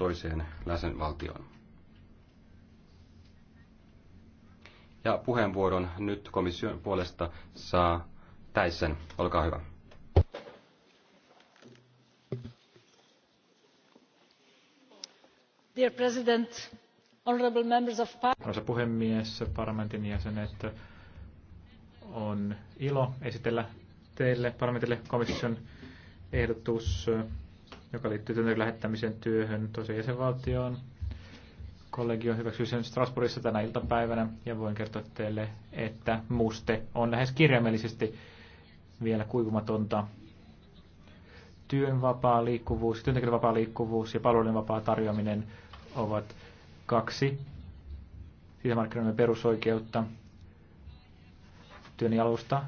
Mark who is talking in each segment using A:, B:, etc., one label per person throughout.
A: toiseen läsenvaltioon. Ja puheenvuoron nyt komission puolesta saa Täissen. Olkaa hyvä.
B: Dear President, honorable members of Parliament.
C: Arvoisa puhemies, parlamentin jäsenet, on ilo esitellä teille parlamentille komission ehdotus joka liittyy työntekijöiden lähettämisen työhön toiseen jäsenvaltioon. Kollegio hyväksyi sen Strasbourgissa tänä iltapäivänä ja voin kertoa teille, että muste on lähes kirjaimellisesti vielä kuivumatonta. Työn vapaa liikkuvuus, työntekijöiden vapaa liikkuvuus ja palveluiden vapaa tarjoaminen ovat kaksi sisämarkkinoiden perusoikeutta työn alusta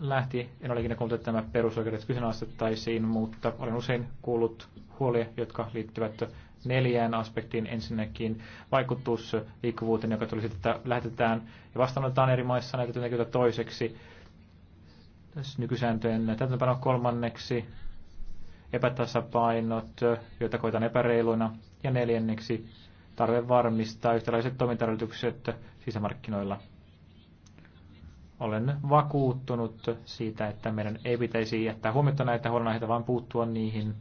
C: lähti, en ole ikinä kuullut, että nämä perusoikeudet kyseenalaistettaisiin, mutta olen usein kuullut huolia, jotka liittyvät neljään aspektiin. Ensinnäkin vaikutus liikkuvuuteen, joka tulisi, että lähetetään ja vastaanotetaan eri maissa näitä työntekijöitä toiseksi. Tässä nykysääntöjen täytäntöpano kolmanneksi, epätasapainot, joita koetaan epäreiluina. Ja neljänneksi, tarve varmistaa yhtäläiset toimintaedellytykset sisämarkkinoilla olen vakuuttunut siitä, että meidän ei pitäisi jättää huomiota näitä huolenaiheita, vaan puuttua niihin.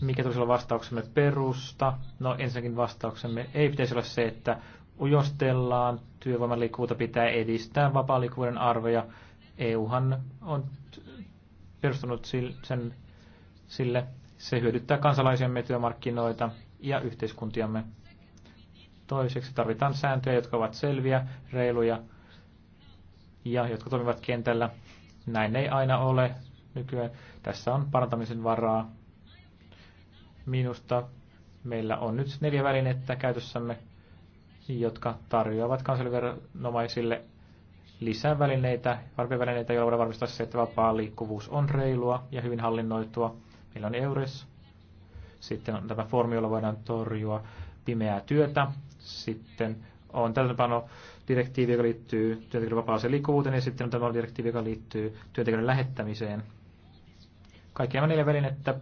C: Mikä tulisi olla vastauksemme perusta? No ensinnäkin vastauksemme ei pitäisi olla se, että ujostellaan, työvoiman liikkuvuutta pitää edistää, vapaa liikkuvuuden arvoja. EUhan on perustunut sen, sille, se hyödyttää kansalaisiamme, työmarkkinoita ja yhteiskuntiamme. Toiseksi tarvitaan sääntöjä, jotka ovat selviä, reiluja ja jotka toimivat kentällä. Näin ei aina ole nykyään. Tässä on parantamisen varaa. Minusta meillä on nyt neljä välinettä käytössämme, jotka tarjoavat kansallisviranomaisille lisää välineitä, välineitä, joilla voidaan varmistaa se, että vapaa liikkuvuus on reilua ja hyvin hallinnoitua. Meillä on EURES, sitten on tämä formi, jolla voidaan torjua pimeää työtä. Sitten on täytäntöpano direktiivi, joka liittyy työntekijöiden vapaaseen liikkuvuuteen, ja sitten on täytäntöpano direktiivi, joka liittyy työntekijöiden lähettämiseen. Kaikki nämä neljä välinettä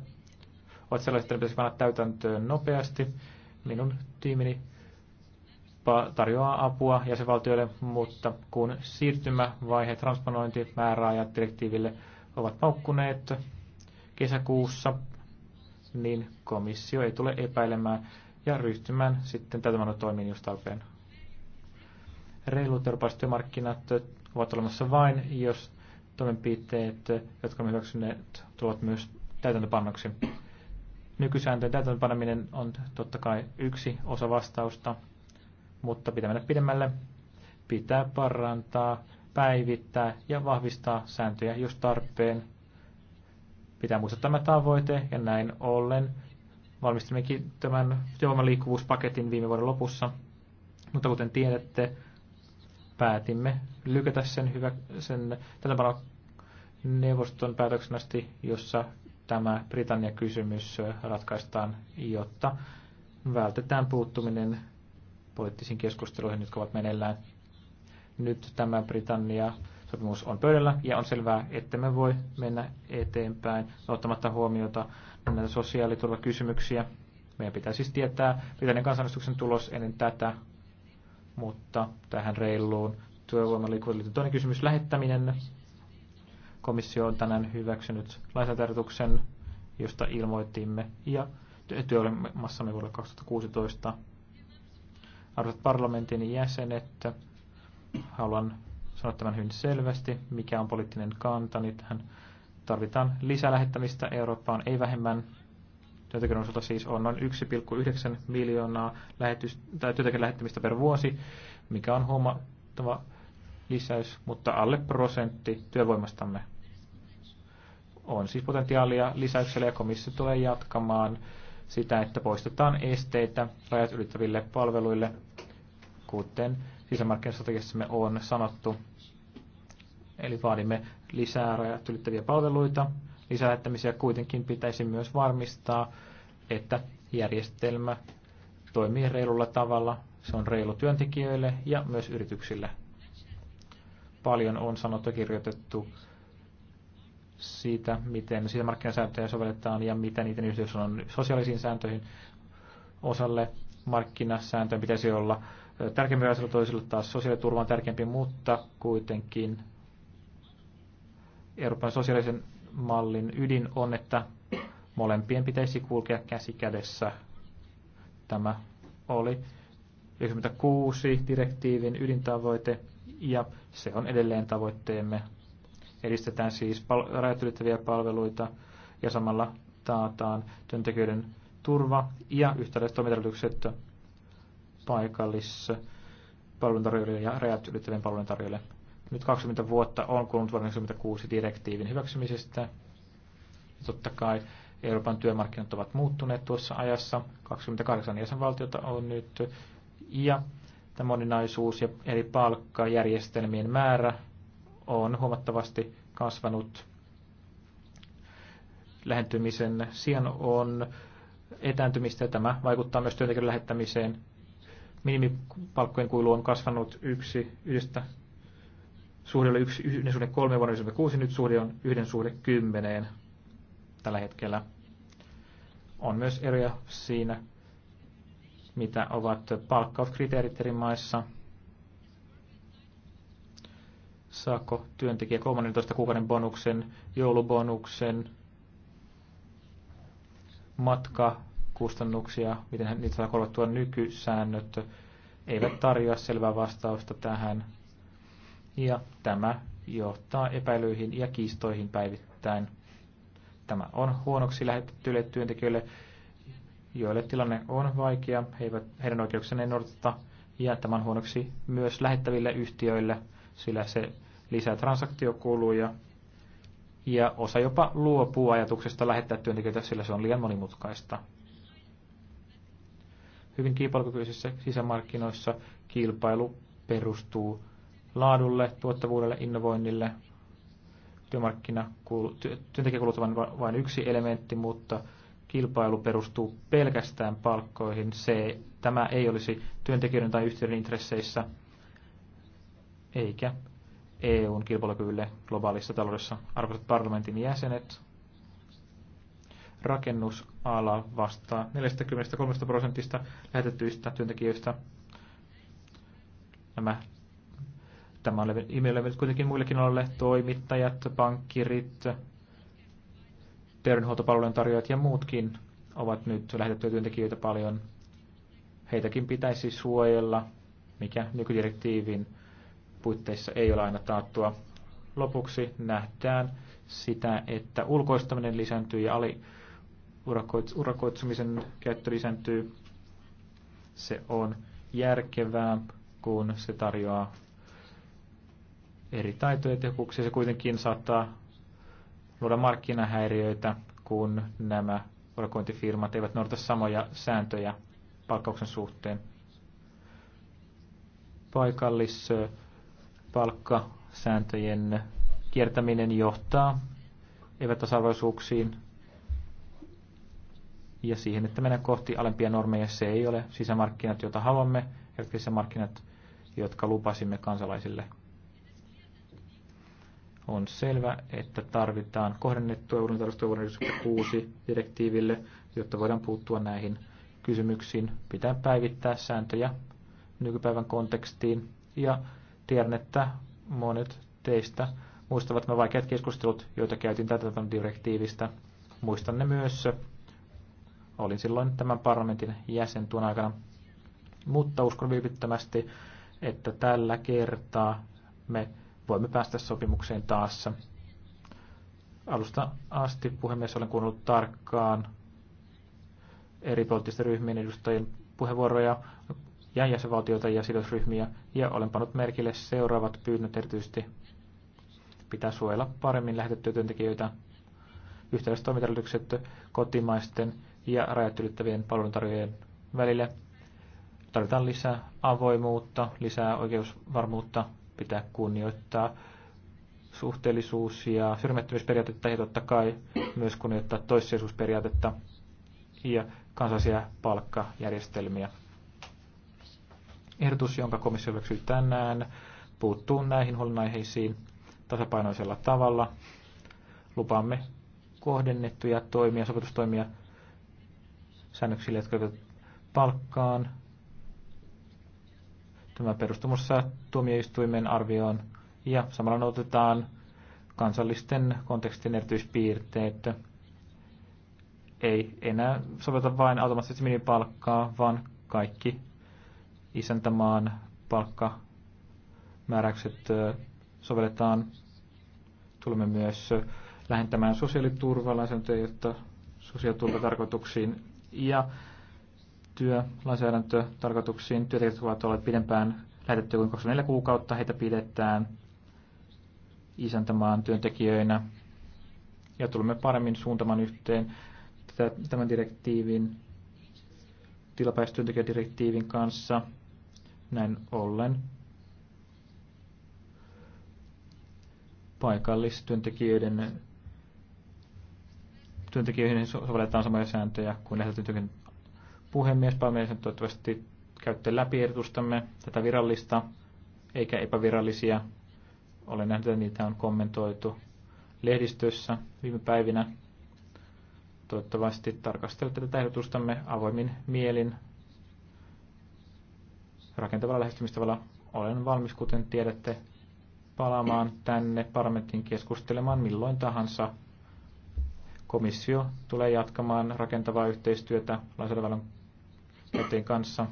C: ovat sellaiset, että pitäisi panna täytäntöön nopeasti. Minun tiimini tarjoaa apua jäsenvaltioille, mutta kun siirtymävaihe, transponointi, määräajat direktiiville ovat paukkuneet kesäkuussa, niin komissio ei tule epäilemään ja ryhtymään sitten täytämällä toimiin just tarpeen. Reilut eurooppalaiset työmarkkinat ovat olemassa vain, jos toimenpiteet, jotka me hyväksyneet, tulevat myös täytäntöpannoksi. Nykysääntöjen täytäntöpaneminen on totta kai yksi osa vastausta, mutta mennä pidemmälle pitää parantaa, päivittää ja vahvistaa sääntöjä, jos tarpeen. Pitää muistaa tämä tavoite ja näin ollen Valmistimmekin tämän työvoiman liikkuvuuspaketin viime vuoden lopussa, mutta kuten tiedätte, päätimme lykätä sen, hyvä, sen tätä neuvoston päätöksen asti, jossa tämä Britannia-kysymys ratkaistaan, jotta vältetään puuttuminen poliittisiin keskusteluihin, jotka ovat meneillään. Nyt tämä Britannia-sopimus on pöydällä ja on selvää, että me voi mennä eteenpäin ottamatta huomiota näitä sosiaaliturvakysymyksiä. Meidän pitää siis tietää Britannian kansanäänestyksen tulos ennen tätä, mutta tähän reiluun työvoiman liikkuvuuteen toinen kysymys, lähettäminen. Komissio on tänään hyväksynyt lainsäädäntöehdotuksen, josta ilmoitimme, ja työolemassamme vuodelle 2016. Arvoisat parlamentin jäsenet, haluan sanoa tämän hyvin selvästi, mikä on poliittinen kantani tähän tarvitaan lisälähettämistä Eurooppaan, ei vähemmän. Työntekijän osalta siis on noin 1,9 miljoonaa tai työntekijän lähettämistä per vuosi, mikä on huomattava lisäys, mutta alle prosentti työvoimastamme on siis potentiaalia lisäyksellä ja komissio tulee jatkamaan sitä, että poistetaan esteitä rajat ylittäville palveluille, kuten sisämarkkinastrategiassamme on sanottu. Eli vaadimme lisää rajat ylittäviä palveluita. Lisäättämisiä kuitenkin pitäisi myös varmistaa, että järjestelmä toimii reilulla tavalla. Se on reilu työntekijöille ja myös yrityksille. Paljon on sanottu kirjoitettu siitä, miten sisämarkkinasääntöjä sovelletaan ja mitä niiden yhteys on sosiaalisiin sääntöihin osalle markkinasääntöjen pitäisi olla tärkeämpi asia toisille taas sosiaaliturva on tärkeämpi, mutta kuitenkin Euroopan sosiaalisen mallin ydin on, että molempien pitäisi kulkea käsi kädessä. Tämä oli 96 direktiivin ydintavoite ja se on edelleen tavoitteemme. Edistetään siis pal- rajat ylittäviä palveluita ja samalla taataan työntekijöiden turva ja yhtäläiset toimintaedellytykset paikallis palveluntarjoajille ja rajat ylittävien palveluntarjoajille. Nyt 20 vuotta on kulunut vuoden 26 direktiivin hyväksymisestä. Ja totta kai Euroopan työmarkkinat ovat muuttuneet tuossa ajassa. 28 jäsenvaltiota on nyt ja tämä moninaisuus ja eri palkkajärjestelmien määrä on huomattavasti kasvanut. Lähentymisen sijaan on etääntymistä ja tämä vaikuttaa myös työntekijöiden lähettämiseen. Minimipalkkojen kuilu on kasvanut yksi yhdestä suhde oli yksi, yhden suhde kolme vuonna 96, nyt suhde on yhden suhde kymmeneen tällä hetkellä. On myös eroja siinä, mitä ovat palkkauskriteerit eri maissa. Saako työntekijä 13 kuukauden bonuksen, joulubonuksen, matkakustannuksia, miten niitä saa korvattua nykysäännöt, eivät tarjoa selvää vastausta tähän ja tämä johtaa epäilyihin ja kiistoihin päivittäin. Tämä on huonoksi lähetettyille työntekijöille, joille tilanne on vaikea, he eivät, heidän oikeuksensa ei noudateta, ja tämä on huonoksi myös lähettäville yhtiöille, sillä se lisää transaktiokuluja, ja osa jopa luopuu ajatuksesta lähettää työntekijöitä, sillä se on liian monimutkaista. Hyvin kilpailukykyisissä sisämarkkinoissa kilpailu perustuu laadulle, tuottavuudelle, innovoinnille. Työmarkkina, työntekijäkulut on vain yksi elementti, mutta kilpailu perustuu pelkästään palkkoihin. Se, tämä ei olisi työntekijöiden tai yhtiöiden intresseissä, eikä EUn kilpailukyvylle globaalissa taloudessa. Arvoisat parlamentin jäsenet, rakennusala vastaa 43 prosentista lähetettyistä työntekijöistä. Nämä Tämä on levinnyt kuitenkin muillekin alalle, toimittajat, pankkirit, terveydenhuoltopalvelujen tarjoajat ja muutkin ovat nyt lähetettyjä työntekijöitä paljon. Heitäkin pitäisi suojella, mikä nykydirektiivin puitteissa ei ole aina taattua. Lopuksi nähdään sitä, että ulkoistaminen lisääntyy ja aliurakoitsumisen käyttö lisääntyy. Se on järkevää, kun se tarjoaa eri taitoja ja tehokkuuksia. Se kuitenkin saattaa luoda markkinahäiriöitä, kun nämä urakointifirmat eivät noudata samoja sääntöjä palkkauksen suhteen. Paikallis palkkasääntöjen kiertäminen johtaa epätasa-arvoisuuksiin ja siihen, että mennään kohti alempia normeja. Se ei ole sisämarkkinat, joita haluamme, eivätkä sisämarkkinat, jotka lupasimme kansalaisille on selvä, että tarvitaan kohdennettua EUn tarkastusta vuoden direktiiville, jotta voidaan puuttua näihin kysymyksiin. Pitää päivittää sääntöjä nykypäivän kontekstiin ja tiedän, että monet teistä muistavat nämä vaikeat keskustelut, joita käytiin tätä direktiivistä. Muistan ne myös. Olin silloin tämän parlamentin jäsen tuon aikana, mutta uskon vilpittömästi, että tällä kertaa me voimme päästä sopimukseen taas. Alusta asti, puhemies, olen kuunnellut tarkkaan eri poliittisten ryhmien edustajien puheenvuoroja ja jäsenvaltioita ja sidosryhmiä, ja olen pannut merkille seuraavat pyynnöt erityisesti. Pitää suojella paremmin lähetettyjä työntekijöitä, yhtäläiset toimintaedellytykset kotimaisten ja rajat ylittävien palveluntarjoajien välille. Tarvitaan lisää avoimuutta, lisää oikeusvarmuutta pitää kunnioittaa suhteellisuus- ja syrjimättömyysperiaatetta ja totta kai myös kunnioittaa toissijaisuusperiaatetta ja kansallisia palkkajärjestelmiä. Ehdotus, jonka komissio hyväksyi tänään, puuttuu näihin huolenaiheisiin tasapainoisella tavalla. Lupaamme kohdennettuja toimia, sopetustoimia säännöksille, jotka palkkaan, Tämä perustumussa tuomioistuimen arvioon ja samalla noudatetaan kansallisten kontekstin erityispiirteet. Ei enää soveta vain automaattisesti minipalkkaa vaan kaikki isäntämaan palkkamääräykset sovelletaan. Tulemme myös lähentämään sosiaaliturvalainsäädäntöä, jotta sosiaaliturvatarkoituksiin ja työ lainsäädäntötarkoituksiin. Työntekijät ovat olleet pidempään lähetettyä kuin 24 kuukautta. Heitä pidetään isäntämaan työntekijöinä ja tulemme paremmin suuntamaan yhteen tämän direktiivin tilapäistyöntekijädirektiivin kanssa. Näin ollen paikallistyöntekijöiden työntekijöihin sovelletaan samoja sääntöjä kuin lähetetyn puhemies. Päämies toivottavasti käytte läpi ehdotustamme tätä virallista eikä epävirallisia. Olen nähnyt, että niitä on kommentoitu lehdistössä viime päivinä. Toivottavasti tarkastelette tätä ehdotustamme avoimin mielin. Rakentavalla lähestymistavalla olen valmis, kuten tiedätte, palaamaan tänne parlamentin keskustelemaan milloin tahansa. Komissio tulee jatkamaan rakentavaa yhteistyötä lainsäädännön Notin kanssa,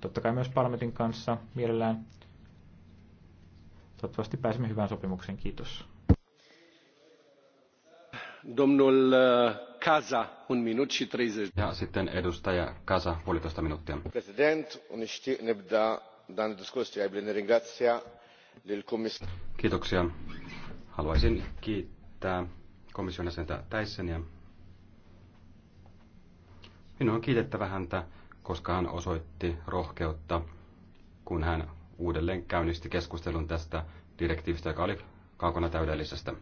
C: totta kai myös Palmetin kanssa mielellään. Toivottavasti pääsemme hyvään sopimukseen. Kiitos.
A: Domnul eh, Kaza, un minut și 30. Ja sitten edustaja Kaza, puolitoista minuuttia. President, un nebda dan lil komis... Kiitoksia. Haluaisin kiittää komission jäsentä ja. Minun on kiitettävä häntä, koska hän osoitti rohkeutta, kun hän uudelleen käynnisti keskustelun tästä direktiivistä, joka oli kaukana täydellisestä.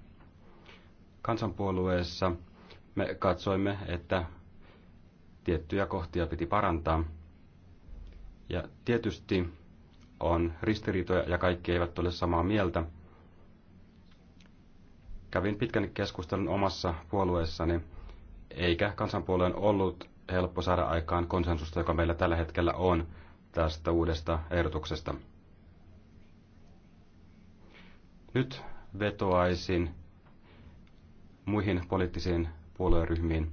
A: Kansanpuolueessa me katsoimme, että tiettyjä kohtia piti parantaa. Ja tietysti on ristiriitoja ja kaikki eivät ole samaa mieltä. Kävin pitkän keskustelun omassa puolueessani, eikä kansanpuolueen ollut helppo saada aikaan konsensusta, joka meillä tällä hetkellä on tästä uudesta ehdotuksesta. Nyt vetoaisin muihin poliittisiin puolueryhmiin.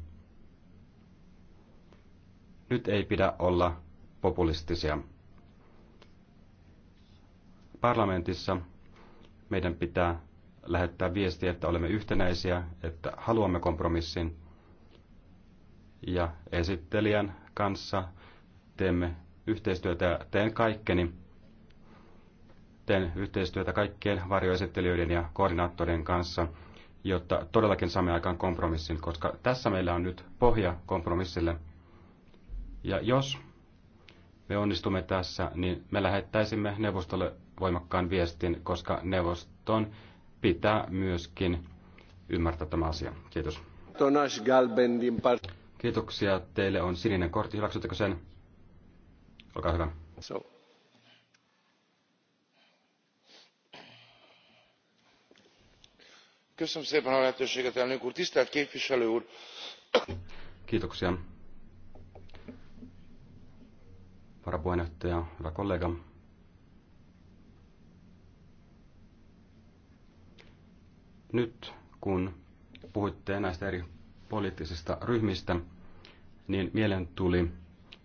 A: Nyt ei pidä olla populistisia. Parlamentissa meidän pitää lähettää viesti, että olemme yhtenäisiä, että haluamme kompromissin ja esittelijän kanssa teemme yhteistyötä ja teen kaikkeni. Teen yhteistyötä kaikkien varjoesittelijöiden ja koordinaattorien kanssa, jotta todellakin saamme aikaan kompromissin, koska tässä meillä on nyt pohja kompromissille. Ja jos me onnistumme tässä, niin me lähettäisimme neuvostolle voimakkaan viestin, koska neuvoston pitää myöskin ymmärtää tämä asia. Kiitos. Tonas part- Kiitoksia. Teille on sininen kortti. Hyväksyttekö sen? Olkaa hyvä. So.
B: Köszönöm szépen a lehetőséget, elnök úr. Tisztelt képviselő úr!
A: Kiitoksia. Varapuheenjohtaja, hyvä kollega. Nyt kun puhuitte näistä eri poliittisista ryhmistä, niin mielen tuli,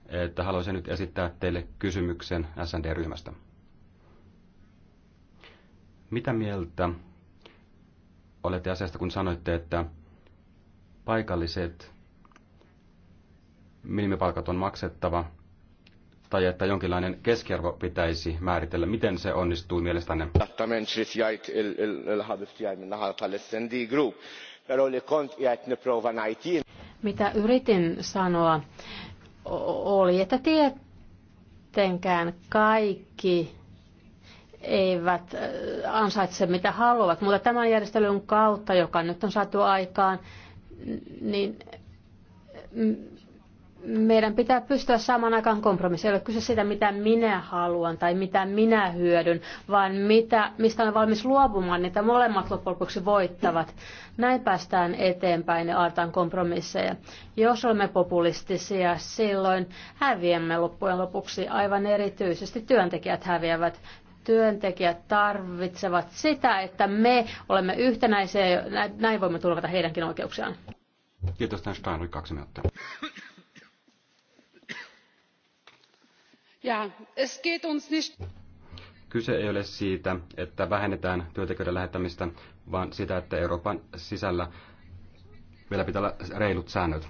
A: että haluaisin nyt esittää teille kysymyksen SND-ryhmästä. Mitä mieltä olette asiasta, kun sanoitte, että paikalliset minimipalkat on maksettava, tai että jonkinlainen keskiarvo pitäisi määritellä. Miten se onnistuu mielestänne?
D: Mitä yritin sanoa oli, että tietenkään kaikki eivät ansaitse mitä haluavat, mutta tämän järjestelyn kautta, joka nyt on saatu aikaan, niin meidän pitää pystyä saamaan aikaan kompromissi. Ei ole kyse siitä, mitä minä haluan tai mitä minä hyödyn, vaan mitä, mistä olen valmis luopumaan, niitä molemmat loppujen lopuksi voittavat. Näin päästään eteenpäin ja aletaan kompromisseja. Jos olemme populistisia, silloin häviämme loppujen lopuksi aivan erityisesti työntekijät häviävät työntekijät tarvitsevat sitä, että me olemme yhtenäisiä ja näin voimme turvata heidänkin oikeuksiaan.
A: Kiitos, Steiner, kaksi minuuttia. Kyse ei ole siitä, että vähennetään työntekijöiden lähettämistä, vaan sitä, että Euroopan sisällä meillä pitää olla reilut säännöt.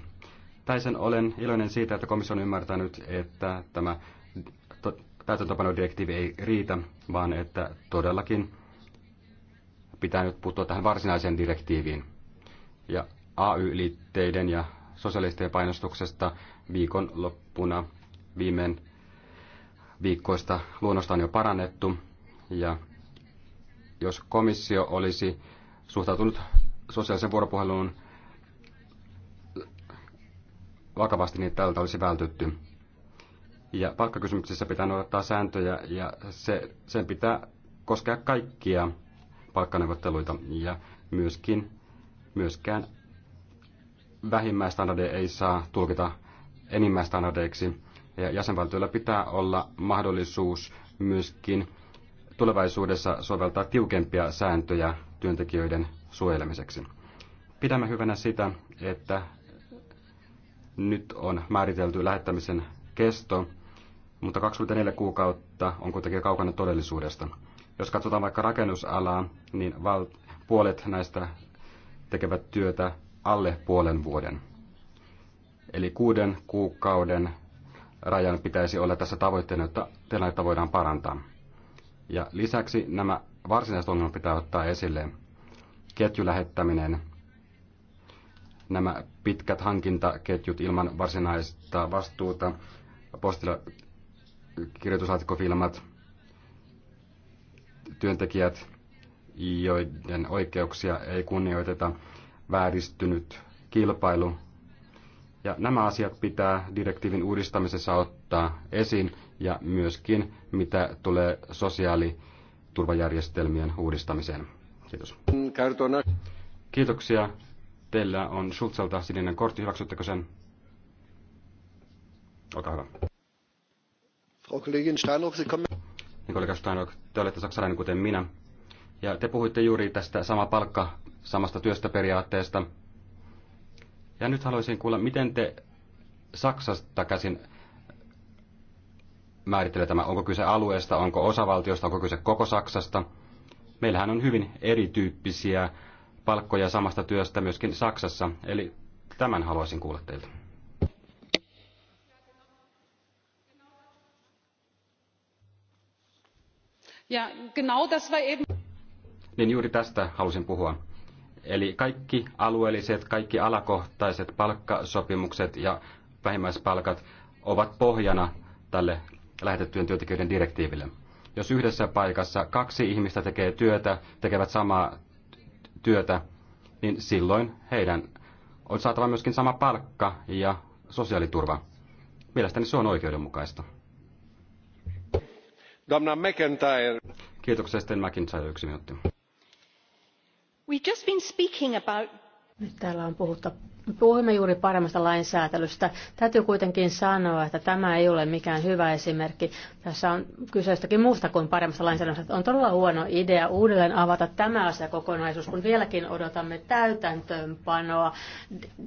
A: Täisen olen iloinen siitä, että komissio on ymmärtänyt, että tämä täytäntöpanodirektiivi ei riitä, vaan että todellakin pitää nyt puuttua tähän varsinaiseen direktiiviin. Ja AY-liitteiden ja sosialistien painostuksesta viikon loppuna viimein viikkoista luonnosta on jo parannettu. Ja jos komissio olisi suhtautunut sosiaalisen vuoropuheluun vakavasti, niin tältä olisi vältytty. Ja palkkakysymyksissä pitää noudattaa sääntöjä ja se, sen pitää koskea kaikkia palkkaneuvotteluita ja myöskin, myöskään vähimmäistandardeja ei saa tulkita enimmäistandardeiksi. Ja jäsenvaltioilla pitää olla mahdollisuus myöskin tulevaisuudessa soveltaa tiukempia sääntöjä työntekijöiden suojelemiseksi. Pidämme hyvänä sitä, että nyt on määritelty lähettämisen kesto, mutta 24 kuukautta on kuitenkin kaukana todellisuudesta. Jos katsotaan vaikka rakennusalaa, niin val- puolet näistä tekevät työtä alle puolen vuoden. Eli kuuden kuukauden rajan pitäisi olla tässä tavoitteena, jotta tilannetta voidaan parantaa. Ja lisäksi nämä varsinaiset ongelmat pitää ottaa esille. Ketjulähettäminen, nämä pitkät hankintaketjut ilman varsinaista vastuuta, postilla kirjoituslaatikkofilmat, työntekijät, joiden oikeuksia ei kunnioiteta, vääristynyt kilpailu ja nämä asiat pitää direktiivin uudistamisessa ottaa esiin ja myöskin mitä tulee sosiaaliturvajärjestelmien uudistamiseen. Kiitos. Kiitoksia. Teillä on Schulzelta sininen kortti. Hyväksyttekö sen? Olkaa hyvä.
B: Frau Kollegin Sie kommen...
A: Niin, kollega Steinruck, te olette saksalainen kuten minä. Ja te puhuitte juuri tästä sama palkka samasta työstä periaatteesta. Ja nyt haluaisin kuulla, miten te Saksasta käsin määrittelee tämä, onko kyse alueesta, onko osavaltiosta, onko kyse koko Saksasta. Meillähän on hyvin erityyppisiä palkkoja samasta työstä myöskin Saksassa, eli tämän haluaisin kuulla teiltä.
B: Ja genau das war eben...
A: Niin juuri tästä halusin puhua. Eli kaikki alueelliset, kaikki alakohtaiset palkkasopimukset ja vähimmäispalkat ovat pohjana tälle lähetettyjen työntekijöiden direktiiville. Jos yhdessä paikassa kaksi ihmistä tekee työtä, tekevät samaa työtä, niin silloin heidän on saatava myöskin sama palkka ja sosiaaliturva. Mielestäni se on oikeudenmukaista. Doamna McIntyre. Kiitoksia, Sten McIntyre, yksi minuutti
D: We've just been speaking about... Nyt täällä on puhuttu Puhuimme juuri paremmasta lainsäätelystä. Täytyy kuitenkin sanoa, että tämä ei ole mikään hyvä esimerkki. Tässä on kyseistäkin muusta kuin paremmasta lainsäädännöstä. On todella huono idea uudelleen avata tämä asiakokonaisuus, kun vieläkin odotamme täytäntöönpanoa,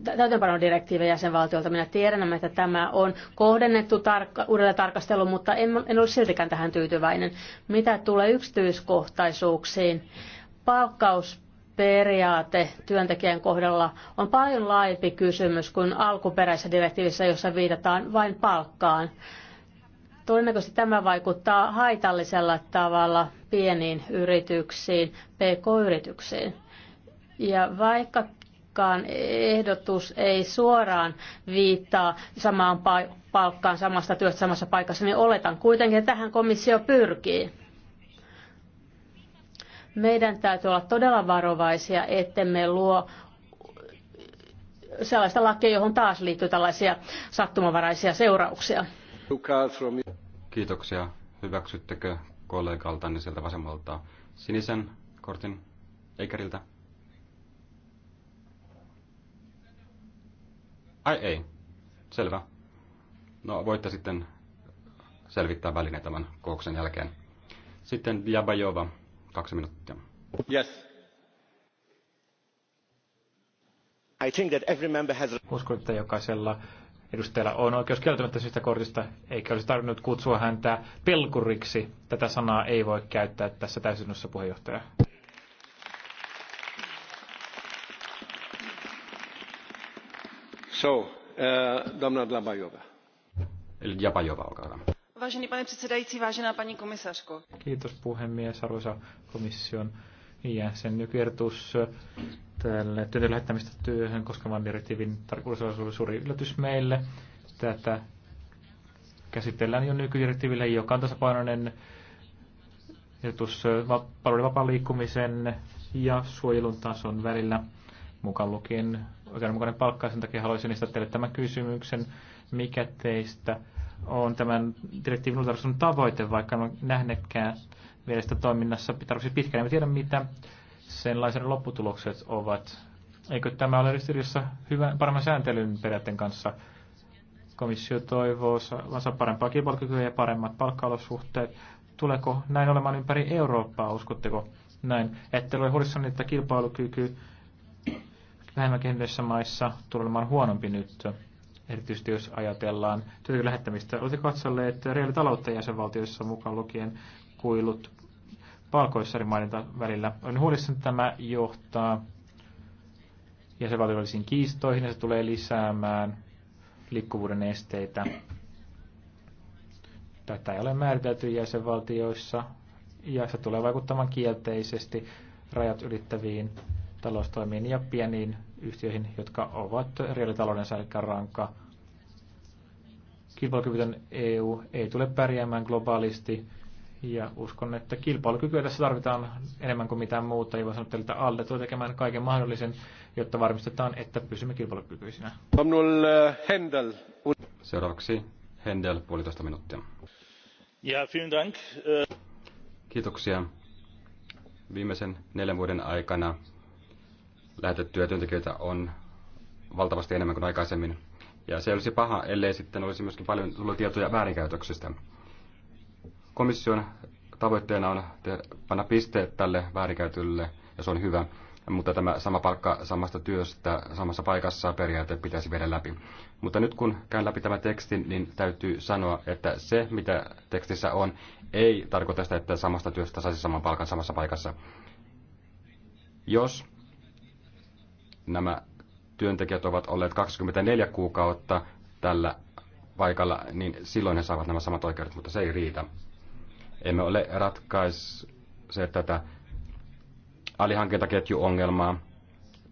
D: täytäntöönpanodirektiivejä jäsenvaltiolta. Minä tiedän, että tämä on kohdennettu tarkka, uudelleen tarkasteluun, mutta en, en ole siltikään tähän tyytyväinen. Mitä tulee yksityiskohtaisuuksiin? Palkkaus periaate työntekijän kohdalla on paljon laajempi kysymys kuin alkuperäisessä direktiivissä, jossa viitataan vain palkkaan. Todennäköisesti tämä vaikuttaa haitallisella tavalla pieniin yrityksiin, pk-yrityksiin. Ja vaikkakaan ehdotus ei suoraan viittaa samaan palkkaan samasta työstä samassa paikassa, niin oletan kuitenkin, että tähän komissio pyrkii meidän täytyy olla todella varovaisia, ettemme luo sellaista lakia, johon taas liittyy tällaisia sattumavaraisia seurauksia.
A: Kiitoksia. Hyväksyttekö niin sieltä vasemmalta sinisen kortin eikäriltä? Ai ei. Selvä. No voitte sitten selvittää väline tämän kokouksen jälkeen. Sitten Diabajova, Kaksi minuuttia. Yes.
C: I think that every member has... Uskon, että jokaisella edustajalla on oikeus kieltämättä syystä kortista, eikä olisi tarvinnut kutsua häntä pelkuriksi. Tätä sanaa ei voi käyttää tässä täysinnossa puheenjohtaja.
B: So, uh, eh, Damna Dlabajova.
A: Eli Jabajova, olkaa hyvä. Vážený pane předsedající, vážená paní komisařko.
C: Kiitos puhemies, arvoisa komission jäsen. Nykyertus tälle työtön lähettämistä työhön koskevan direktiivin tarkoitus oli suuri yllätys meille. Tätä käsitellään jo nykydirektiiville joka on tasapainoinen ehdotus palveluiden vapaan liikkumisen ja suojelun tason välillä mukaan lukien oikeudenmukainen palkka. Sen takia haluaisin esittää teille tämän kysymyksen. Mikä teistä on tämän direktiivin ulkotarkastelun tavoite, vaikka en nähnytkään vielä sitä toiminnassa tarvitsisi pitkään. En tiedä, mitä sen lainsäädännön lopputulokset ovat. Eikö tämä ole ristiriidassa hyvän, paremman sääntelyn periaatteen kanssa? Komissio toivoo saa parempaa kilpailukykyä ja paremmat palkkaolosuhteet. Tuleeko näin olemaan ympäri Eurooppaa, uskotteko näin? että ole huolissani, että kilpailukyky vähemmän kehittyneissä maissa tulee olemaan huonompi nyt erityisesti jos ajatellaan työtä lähettämistä. Olette katsolleet reaalitaloutta jäsenvaltioissa mukaan lukien kuilut palkoissa eri välillä? On huolissaan, että tämä johtaa jäsenvaltiollisiin kiistoihin ja se tulee lisäämään liikkuvuuden esteitä. Tätä ei ole määritelty jäsenvaltioissa ja se tulee vaikuttamaan kielteisesti rajat ylittäviin taloustoimiin ja pieniin yhtiöihin, jotka ovat reaalitalouden rankka. Kilpailukyvytön EU ei tule pärjäämään globaalisti ja uskon, että kilpailukykyä tässä tarvitaan enemmän kuin mitään muuta. Ja voin sanoa että Alde tulee tekemään kaiken mahdollisen, jotta varmistetaan, että pysymme kilpailukykyisinä. Eh,
A: Seuraavaksi Händel, puolitoista minuuttia.
D: Ja, vielen dank. Eh.
A: Kiitoksia. Viimeisen neljän vuoden aikana lähetettyjä työntekijöitä on valtavasti enemmän kuin aikaisemmin. Ja se olisi paha, ellei sitten olisi myöskin paljon tullut tietoja väärinkäytöksistä. Komission tavoitteena on panna pisteet tälle väärinkäytölle, ja se on hyvä, mutta tämä sama palkka samasta työstä samassa paikassa periaate pitäisi viedä läpi. Mutta nyt kun käyn läpi tämän tekstin, niin täytyy sanoa, että se mitä tekstissä on, ei tarkoita sitä, että samasta työstä saisi saman palkan samassa paikassa. Jos nämä työntekijät ovat olleet 24 kuukautta tällä paikalla, niin silloin he saavat nämä samat oikeudet, mutta se ei riitä. Emme ole ratkaisseet tätä alihankintaketjuongelmaa.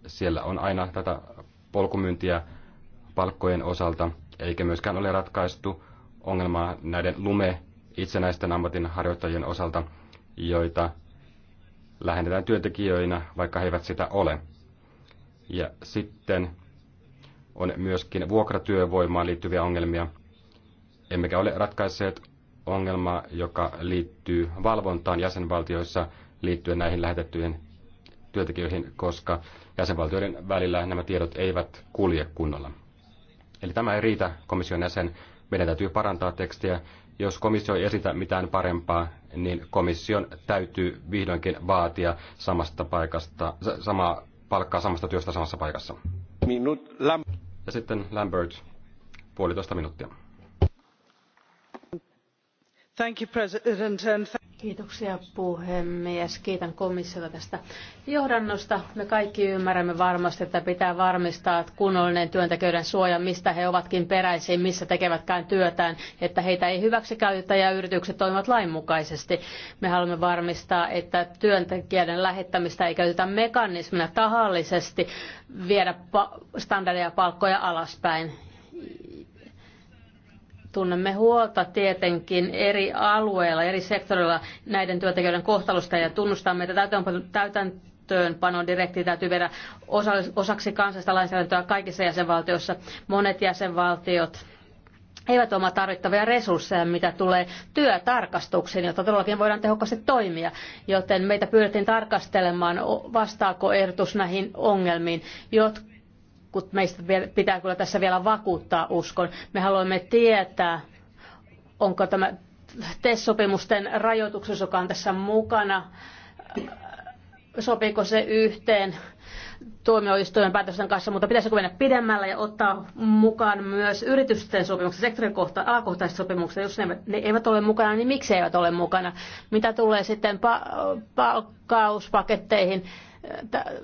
A: Siellä on aina tätä polkumyyntiä palkkojen osalta, eikä myöskään ole ratkaistu ongelmaa näiden lume itsenäisten ammatinharjoittajien osalta, joita lähennetään työntekijöinä, vaikka he eivät sitä ole. Ja sitten on myöskin vuokratyövoimaan liittyviä ongelmia. Emmekä ole ratkaisseet ongelmaa, joka liittyy valvontaan jäsenvaltioissa liittyen näihin lähetettyihin työntekijöihin, koska jäsenvaltioiden välillä nämä tiedot eivät kulje kunnolla. Eli tämä ei riitä komission jäsen. Meidän täytyy parantaa tekstiä. Jos komissio ei esitä mitään parempaa, niin komission täytyy vihdoinkin vaatia samasta paikasta, samaa palkkaa samasta työstä samassa paikassa. Minut, Lam- ja sitten Lambert, puolitoista minuuttia.
D: Thank you, President, and thank- Kiitoksia puhemies. Kiitän komissiota tästä johdannosta. Me kaikki ymmärrämme varmasti, että pitää varmistaa, että kunnollinen työntekijöiden suoja, mistä he ovatkin peräisin, missä tekevätkään työtään, että heitä ei hyväksikäytetä ja yritykset toimivat lainmukaisesti. Me haluamme varmistaa, että työntekijöiden lähettämistä ei käytetä mekanismina tahallisesti viedä standardeja palkkoja alaspäin tunnemme huolta tietenkin eri alueilla, eri sektoreilla näiden työntekijöiden kohtalosta ja tunnustamme, että täytäntöönpanon direktiivi täytyy viedä osaksi kansallista lainsäädäntöä kaikissa jäsenvaltioissa. Monet jäsenvaltiot eivät oma tarvittavia resursseja, mitä tulee työtarkastuksiin, jotta todellakin voidaan tehokkaasti toimia. Joten meitä pyydettiin tarkastelemaan, vastaako ehdotus näihin ongelmiin. jotka jotkut meistä pitää kyllä tässä vielä vakuuttaa uskon. Me haluamme tietää, onko tämä TES-sopimusten rajoituksessa, joka on tässä mukana, sopiiko se yhteen tuomioistuimen päätösten kanssa, mutta pitäisikö mennä pidemmällä ja ottaa mukaan myös yritysten sopimukset, sektorin kohta, alakohtaiset sopimukset, jos ne, ne eivät ole mukana, niin miksi eivät ole mukana? Mitä tulee sitten pa- palkkauspaketteihin,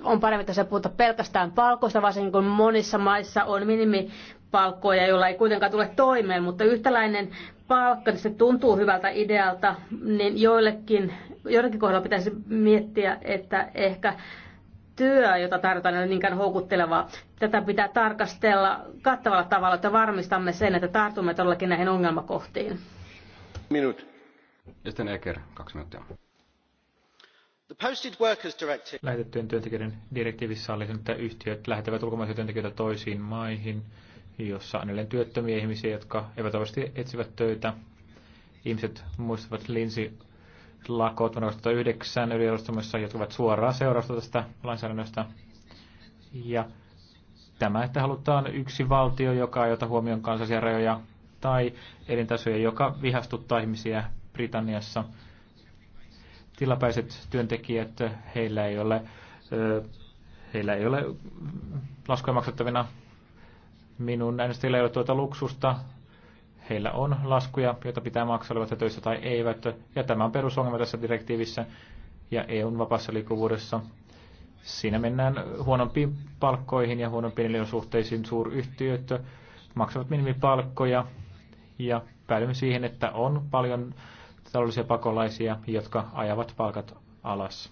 D: on parempi, että se puhuta pelkästään palkoista, varsinkin kun monissa maissa on minimipalkkoja, joilla ei kuitenkaan tule toimeen, mutta yhtäläinen palkka, niin se tuntuu hyvältä idealta, niin joillekin, joillekin kohdalla pitäisi miettiä, että ehkä työ, jota tarjotaan, ei ole niinkään houkuttelevaa. Tätä pitää tarkastella kattavalla tavalla, että varmistamme sen, että tartumme todellakin näihin ongelmakohtiin.
A: Minut. Ja sitten Eker, kaksi minuuttia.
C: Lähetettyjen työntekijöiden direktiivissä sallitaan, että yhtiöt lähettävät ulkomaisia työntekijöitä toisiin maihin, jossa on edelleen työttömiä ihmisiä, jotka epätoivoisesti etsivät töitä. Ihmiset muistavat Linsi vuonna 2009 yliarvostumissa, jotka ovat suoraan seurausta tästä lainsäädännöstä. Ja tämä, että halutaan yksi valtio, joka ei ota huomioon kansallisia rajoja tai elintasoja, joka vihastuttaa ihmisiä Britanniassa – tilapäiset työntekijät, heillä ei ole, heillä ei ole laskuja maksettavina. Minun äänestäjillä ei ole tuota luksusta. Heillä on laskuja, joita pitää maksaa, olivat töissä tai eivät. Ja tämä on perusongelma tässä direktiivissä ja EUn vapaassa liikkuvuudessa. Siinä mennään huonompiin palkkoihin ja huonompiin elinolosuhteisiin suuryhtiöt maksavat minimipalkkoja ja päädymme siihen, että on paljon taloudellisia pakolaisia, jotka ajavat palkat alas.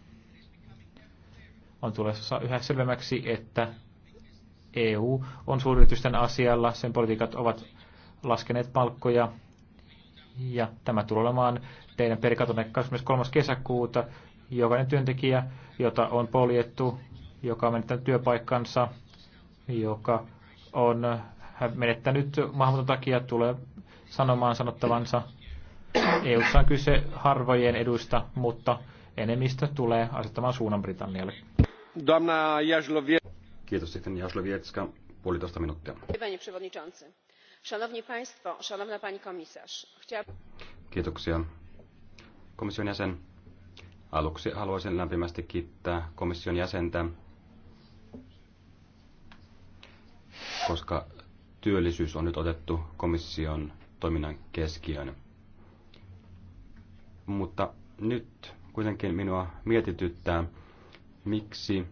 C: On tulossa yhä selvemmäksi, että EU on suuryritysten asialla, sen politiikat ovat laskeneet palkkoja ja tämä tulee olemaan teidän perikatonne 23. kesäkuuta. Jokainen työntekijä, jota on poljettu, joka on menettänyt työpaikkansa, joka on menettänyt maahanmuuton takia, tulee sanomaan sanottavansa EUssa on kyse harvojen edusta, mutta enemmistö tulee asettamaan suunnan Britannialle.
A: Kiitos sitten Jaslovietska, puolitoista minuuttia. Kiitoksia. Komission jäsen, aluksi haluaisin lämpimästi kiittää komission jäsentä, koska työllisyys on nyt otettu komission toiminnan keskiöön. Mutta nyt kuitenkin minua mietityttää, miksi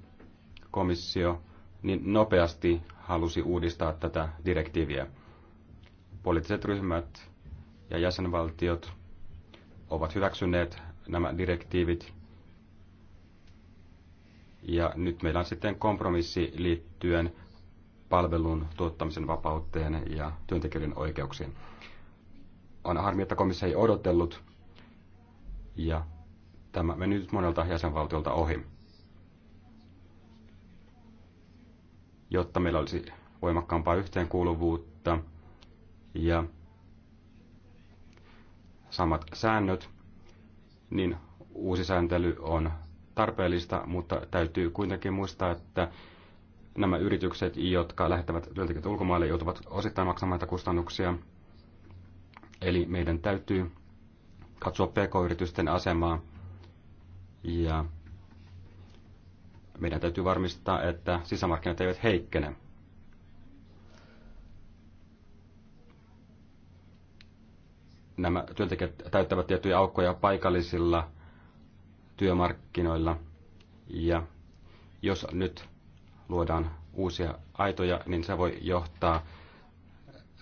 A: komissio niin nopeasti halusi uudistaa tätä direktiiviä. Poliittiset ryhmät ja jäsenvaltiot ovat hyväksyneet nämä direktiivit. Ja nyt meillä on sitten kompromissi liittyen palvelun tuottamisen vapauteen ja työntekijöiden oikeuksiin. On harmi, että komissio ei odotellut, ja tämä meni nyt monelta jäsenvaltiolta ohi. Jotta meillä olisi voimakkaampaa yhteenkuuluvuutta ja samat säännöt, niin uusi sääntely on tarpeellista, mutta täytyy kuitenkin muistaa, että nämä yritykset, jotka lähettävät työntekijät ulkomaille, joutuvat osittain maksamaan kustannuksia. Eli meidän täytyy katsoa pk-yritysten asemaa ja meidän täytyy varmistaa, että sisämarkkinat eivät heikkene. Nämä työntekijät täyttävät tiettyjä aukkoja paikallisilla työmarkkinoilla ja jos nyt luodaan uusia aitoja, niin se voi johtaa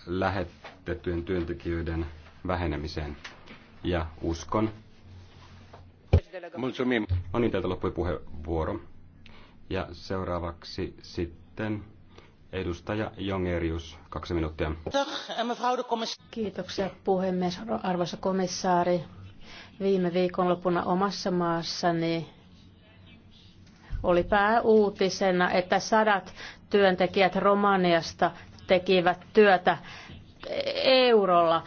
A: lähetettyjen työntekijöiden vähenemiseen ja uskon. Mulțumim. No niin, täältä loppui puheenvuoro. Ja seuraavaksi sitten Edustaja Jongerius, kaksi minuuttia.
D: Kiitoksia puhemies, arvoisa komissaari. Viime viikonloppuna omassa maassani oli pääuutisena, että sadat työntekijät Romaniasta tekivät työtä eurolla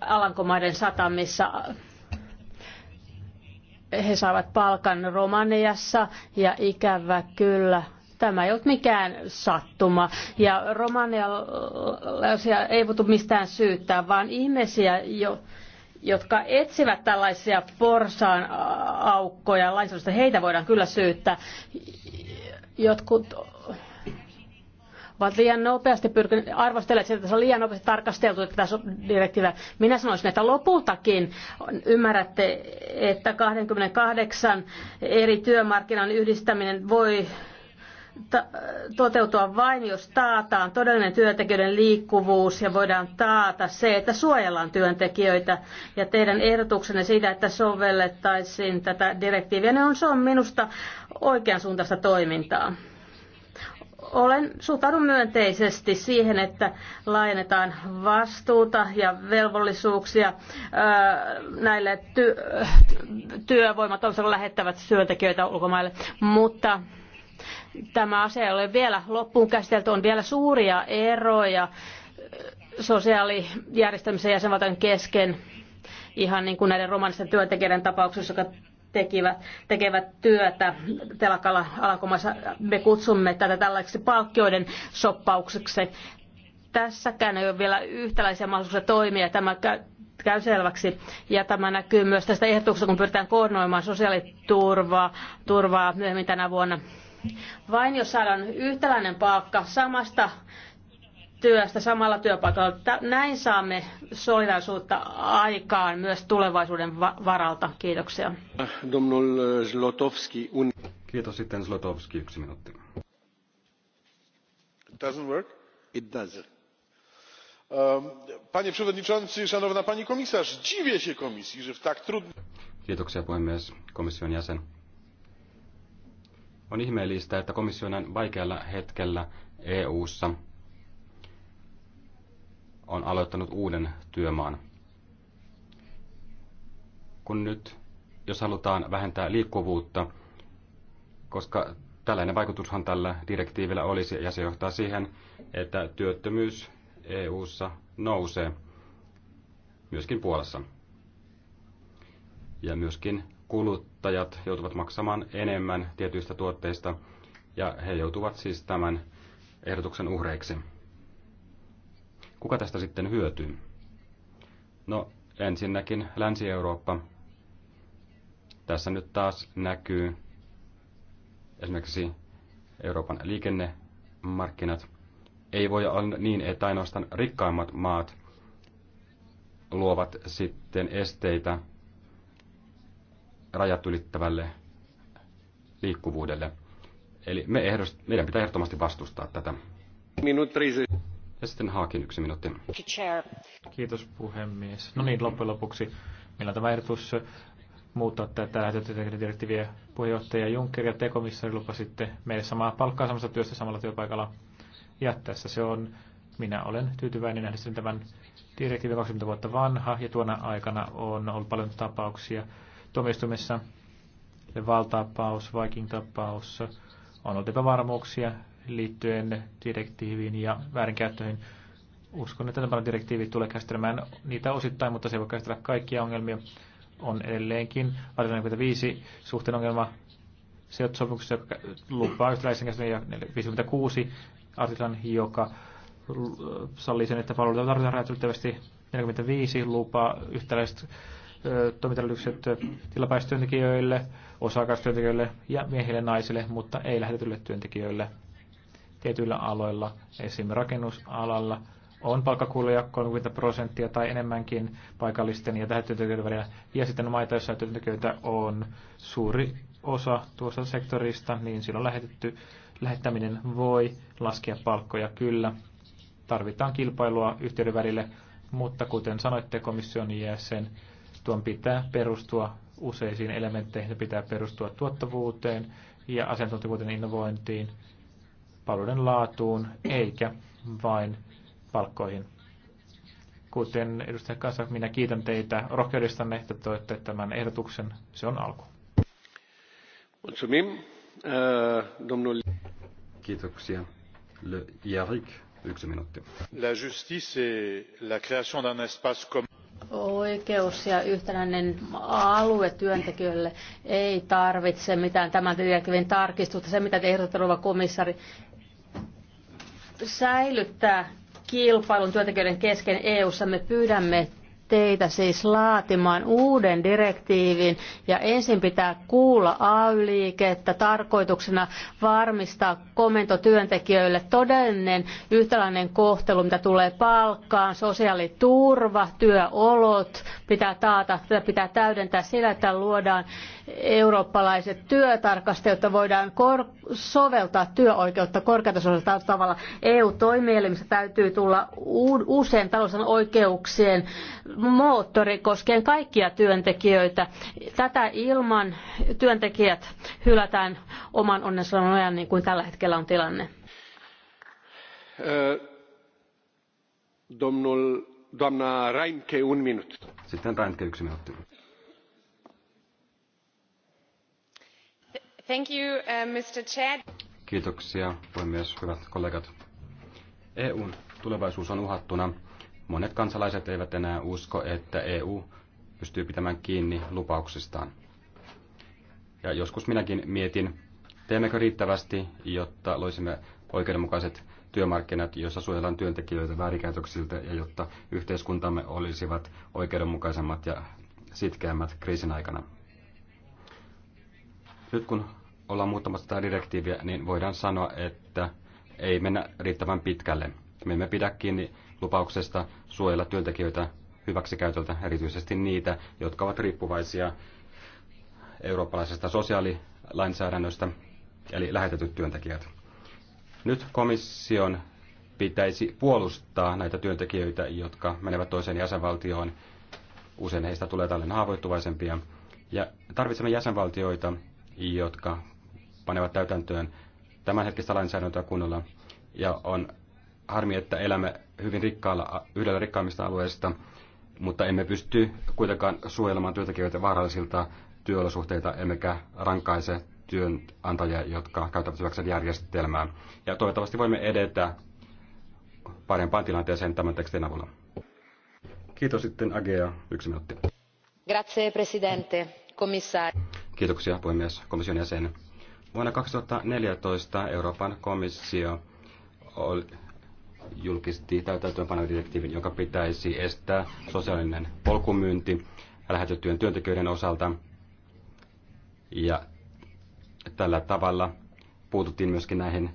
D: Alankomaiden satamissa he saavat palkan Romaniassa ja ikävä kyllä tämä ei ollut mikään sattuma. Ja romanialaisia ei voitu mistään syyttää, vaan ihmisiä, jo, jotka etsivät tällaisia porsaan aukkoja lainsäädännöstä, heitä voidaan kyllä syyttää. Jotkut ovat liian nopeasti pyrkineet, sitä, että tässä on liian nopeasti tarkasteltu, tätä tässä direktiivä. Minä sanoisin, että lopultakin ymmärrätte, että 28 eri työmarkkinan yhdistäminen voi toteutua vain, jos taataan todellinen työntekijöiden liikkuvuus ja voidaan taata se, että suojellaan työntekijöitä. Ja teidän ehdotuksenne siitä, että sovellettaisiin tätä direktiiviä, niin on, se on minusta oikeansuuntaista toimintaa. Olen suhtaudun myönteisesti siihen, että laajennetaan vastuuta ja velvollisuuksia näille ty- on lähettävät työntekijöitä ulkomaille, mutta tämä asia ei ole vielä loppuun käsitelty. On vielä suuria eroja sosiaalijärjestelmisen jäsenvaltion kesken ihan niin kuin näiden romanisten työntekijöiden tapauksessa, joka tekivät, tekevät työtä telakalla alakomassa. Me kutsumme tätä tällaiseksi palkkioiden soppaukseksi. Tässäkään ei ole vielä yhtäläisiä mahdollisuuksia toimia. Tämä käy selväksi. Ja tämä näkyy myös tästä ehdotuksesta, kun pyritään koordinoimaan sosiaaliturvaa turvaa myöhemmin tänä vuonna. Vain jos saadaan yhtäläinen palkka samasta työstä samalla työpaikalla. Näin saamme solidaisuutta aikaan myös tulevaisuuden varalta. Kiitoksia.
A: Kiitos sitten Zlotowski, yksi minuutti.
B: It doesn't work? It doesn't. Um, panie przewodniczący, szanowna pani komisarz, dziwię się komisji, że w tak trudnym...
A: Kiitoksia puhemies, komission jäsen. On ihmeellistä, että komission vaikealla hetkellä EU:ssa ssa on aloittanut uuden työmaan. Kun nyt, jos halutaan vähentää liikkuvuutta, koska tällainen vaikutushan tällä direktiivillä olisi, ja se johtaa siihen, että työttömyys EU:ssa nousee, myöskin Puolassa. Ja myöskin kuluttajat joutuvat maksamaan enemmän tietyistä tuotteista, ja he joutuvat siis tämän ehdotuksen uhreiksi. Kuka tästä sitten hyötyy? No ensinnäkin Länsi-Eurooppa. Tässä nyt taas näkyy esimerkiksi Euroopan liikennemarkkinat. Ei voi olla niin, että ainoastaan rikkaimmat maat luovat sitten esteitä rajat ylittävälle liikkuvuudelle. Eli me ehdost, meidän pitää ehdottomasti vastustaa tätä. Minuut ja sitten Haakin yksi minuutti.
C: Kiitos puhemies. No niin, loppujen lopuksi meillä on tämä ehdotus muuttaa tätä direktiiviä puheenjohtaja Juncker ja tekomissari komissaari lupasitte meille samaa palkkaa samasta työstä samalla työpaikalla. jättäessä. se on. Minä olen tyytyväinen nähdessäni tämän direktiivin 20 vuotta vanha ja tuona aikana on ollut paljon tapauksia tuomioistuimessa. Valtapaus, Viking-tapaus, on ollut epävarmuuksia liittyen direktiiviin ja väärinkäyttöihin. Uskon, että tämä direktiivi tulee käsittelemään niitä osittain, mutta se ei voi käsitellä kaikkia ongelmia. On edelleenkin artikla 45 suhteen ongelma sijoitussopimuksessa, joka lupaa yhtäläisen käsittelyn ja 56 artiklan, joka sallii sen, että palveluita tarvitaan räätälöitävästi 45 lupaa yhtäläiset toimintaedellytykset tilapäistyöntekijöille, osa-aikaistyöntekijöille ja miehille ja naisille, mutta ei lähetetylle työntekijöille tietyillä aloilla, esim. rakennusalalla, on palkkakuluja 30 prosenttia tai enemmänkin paikallisten ja täytyöntekijöiden välillä. Ja sitten maita, joissa työntekijöitä on suuri osa tuosta sektorista, niin silloin lähetetty, lähettäminen voi laskea palkkoja kyllä. Tarvitaan kilpailua yhtiöiden välille, mutta kuten sanoitte komission jäsen, tuon pitää perustua useisiin elementteihin, se pitää perustua tuottavuuteen ja asiantuntijuuteen innovointiin palveluiden laatuun eikä vain palkkoihin. Kuten edustaja Kasa, minä kiitän teitä rohkeudestanne, että toitte tämän ehdotuksen. Se on alku.
A: Eh, Kiitoksia. Le Jarik, yksi minuutti. La justice et la création d'un
C: espace comme...
D: oikeus ja yhtenäinen alue työntekijöille ei tarvitse mitään tämän direktiivin tarkistusta. Se, mitä te ehdotatte, komissari, säilyttää kilpailun työntekijöiden kesken EU-ssa. Me pyydämme teitä siis laatimaan uuden direktiivin ja ensin pitää kuulla AY-liikettä tarkoituksena varmistaa komentotyöntekijöille todellinen yhtäläinen kohtelu, mitä tulee palkkaan, sosiaaliturva, työolot pitää taata, pitää täydentää sillä, että luodaan eurooppalaiset työtarkastajat, jotta voidaan soveltaa työoikeutta korkeatasoisella tavalla. EU-toimielimissä täytyy tulla usein talousen oikeuksien moottori koskien kaikkia työntekijöitä. Tätä ilman työntekijät hylätään oman onnensa nojaan niin kuin tällä hetkellä on tilanne.
B: Domnul, doamna Raimke, un minut.
A: Sitten Raimke, yksi minuutti.
B: Thank you, uh, Mr. Chad.
A: Kiitoksia, puhemies, hyvät kollegat. EUn tulevaisuus on uhattuna Monet kansalaiset eivät enää usko, että EU pystyy pitämään kiinni lupauksistaan. Ja joskus minäkin mietin, teemmekö riittävästi, jotta loisimme oikeudenmukaiset työmarkkinat, joissa suojellaan työntekijöitä väärikäytöksiltä ja jotta yhteiskuntamme olisivat oikeudenmukaisemmat ja sitkeämmät kriisin aikana. Nyt kun ollaan muuttamassa tätä direktiiviä, niin voidaan sanoa, että ei mennä riittävän pitkälle. Me emme pidä kiinni lupauksesta suojella työntekijöitä hyväksikäytöltä, erityisesti niitä, jotka ovat riippuvaisia eurooppalaisesta sosiaalilainsäädännöstä, eli lähetetyt työntekijät. Nyt komission pitäisi puolustaa näitä työntekijöitä, jotka menevät toiseen jäsenvaltioon. Usein heistä tulee tällainen haavoittuvaisempia. Ja tarvitsemme jäsenvaltioita, jotka panevat täytäntöön tämänhetkistä lainsäädäntöä kunnolla. Ja on harmi, että elämme hyvin rikkaalla, yhdellä rikkaimmista alueista, mutta emme pysty kuitenkaan suojelemaan työntekijöitä vaarallisilta työolosuhteita, emmekä rankaise työnantajia, jotka käyttävät hyväkseen järjestelmää. Ja toivottavasti voimme edetä parempaan tilanteeseen tämän tekstin avulla. Kiitos sitten Agea, yksi minuutti.
D: Grazie presidente, komissaari.
A: Kiitoksia puhemies, komission jäsen. Vuonna 2014 Euroopan komissio julkisti täytäntöönpanodirektiivin, joka pitäisi estää sosiaalinen polkumyynti lähetettyjen työntekijöiden osalta. Ja tällä tavalla puututtiin myöskin näihin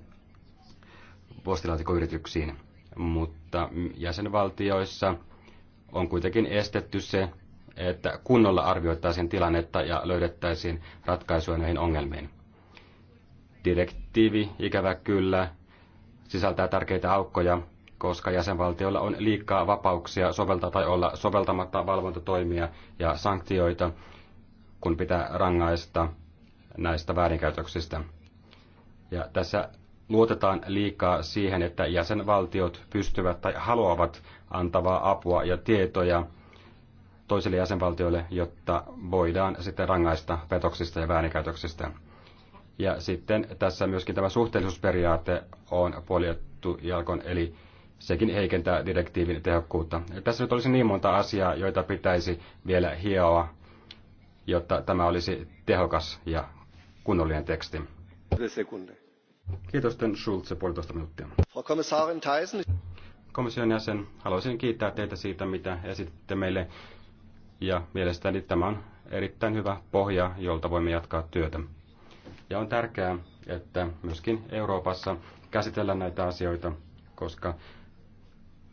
A: postilaatikoyrityksiin, mutta jäsenvaltioissa on kuitenkin estetty se, että kunnolla arvioitaisiin tilannetta ja löydettäisiin ratkaisuja näihin ongelmiin. Direktiivi ikävä kyllä sisältää tärkeitä aukkoja, koska jäsenvaltioilla on liikaa vapauksia soveltaa tai olla soveltamatta valvontatoimia ja sanktioita, kun pitää rangaista näistä väärinkäytöksistä. Ja tässä luotetaan liikaa siihen, että jäsenvaltiot pystyvät tai haluavat antavaa apua ja tietoja toisille jäsenvaltioille, jotta voidaan sitten rangaista petoksista ja väärinkäytöksistä. Ja sitten tässä myöskin tämä suhteellisuusperiaate on poljettu jalkon, eli sekin heikentää direktiivin tehokkuutta. Ja tässä nyt olisi niin monta asiaa, joita pitäisi vielä hioa, jotta tämä olisi tehokas ja kunnollinen teksti. Kiitos, Sten Schulze, puolitoista minuuttia.
B: Frau Kommissarin
A: Komission jäsen, haluaisin kiittää teitä siitä, mitä esititte meille. Ja mielestäni tämä on erittäin hyvä pohja, jolta voimme jatkaa työtä. Ja on tärkeää, että myöskin Euroopassa käsitellään näitä asioita, koska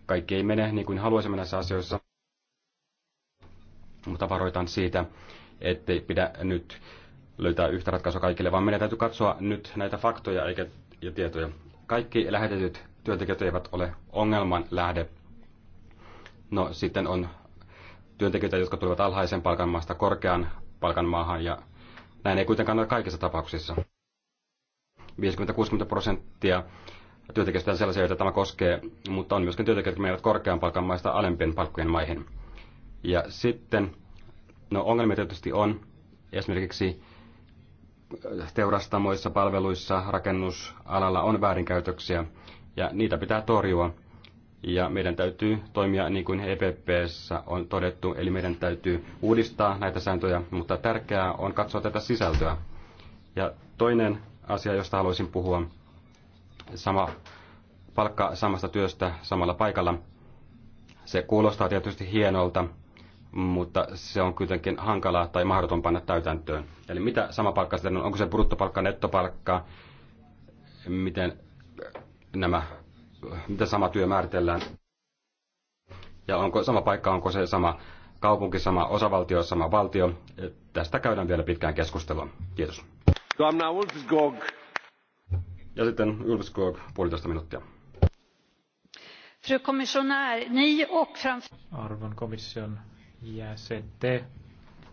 A: kaikki ei mene niin kuin haluaisimme näissä asioissa. Mutta varoitan siitä, ettei pidä nyt löytää yhtä ratkaisua kaikille, vaan meidän täytyy katsoa nyt näitä faktoja eikä, ja tietoja. Kaikki lähetetyt työntekijät eivät ole ongelman lähde. No sitten on työntekijöitä, jotka tulevat alhaisen palkan maasta korkean palkan maahan ja näin ei kuitenkaan ole kaikissa tapauksissa. 50-60 prosenttia työntekijöistä on sellaisia, joita tämä koskee, mutta on myöskin työntekijöitä, jotka menevät korkean palkan maista alempien palkkojen maihin. Ja sitten, no ongelmia tietysti on, esimerkiksi äh, teurastamoissa, palveluissa, rakennusalalla on väärinkäytöksiä, ja niitä pitää torjua ja meidän täytyy toimia niin kuin EPPssä on todettu, eli meidän täytyy uudistaa näitä sääntöjä, mutta tärkeää on katsoa tätä sisältöä. Ja toinen asia, josta haluaisin puhua, sama palkka samasta työstä samalla paikalla. Se kuulostaa tietysti hienolta, mutta se on kuitenkin hankalaa tai mahdoton panna täytäntöön. Eli mitä sama palkka sitten on? Onko se bruttopalkka, nettopalkka? Miten nämä mitä sama työ määritellään. Ja onko sama paikka, onko se sama kaupunki, sama osavaltio, sama valtio. Tästä käydään vielä pitkään keskustelua. Kiitos. Ja sitten Ulfskog,
C: puolitoista minuuttia.
B: Fru kommissionär, ni och framför...
C: Arvon komission jäsen te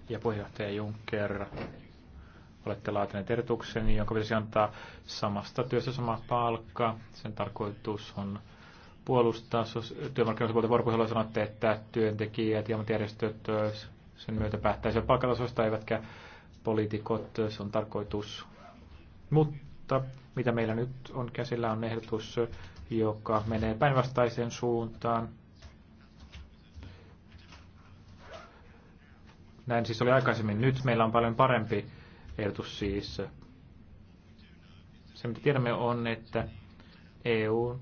C: ja puheenjohtaja Juncker olette laatineet erotuksen, jonka pitäisi antaa samasta työstä sama palkka. Sen tarkoitus on puolustaa työmarkkinoiden vuoropuhelua. Sanotte, että työntekijät ja ammattijärjestöt sen myötä päättäisivät palkkatasosta, eivätkä poliitikot. Se on tarkoitus. Mutta mitä meillä nyt on käsillä on ehdotus, joka menee päinvastaiseen suuntaan. Näin siis oli aikaisemmin. Nyt meillä on paljon parempi ehdotus siis. Se, mitä tiedämme, on, että EU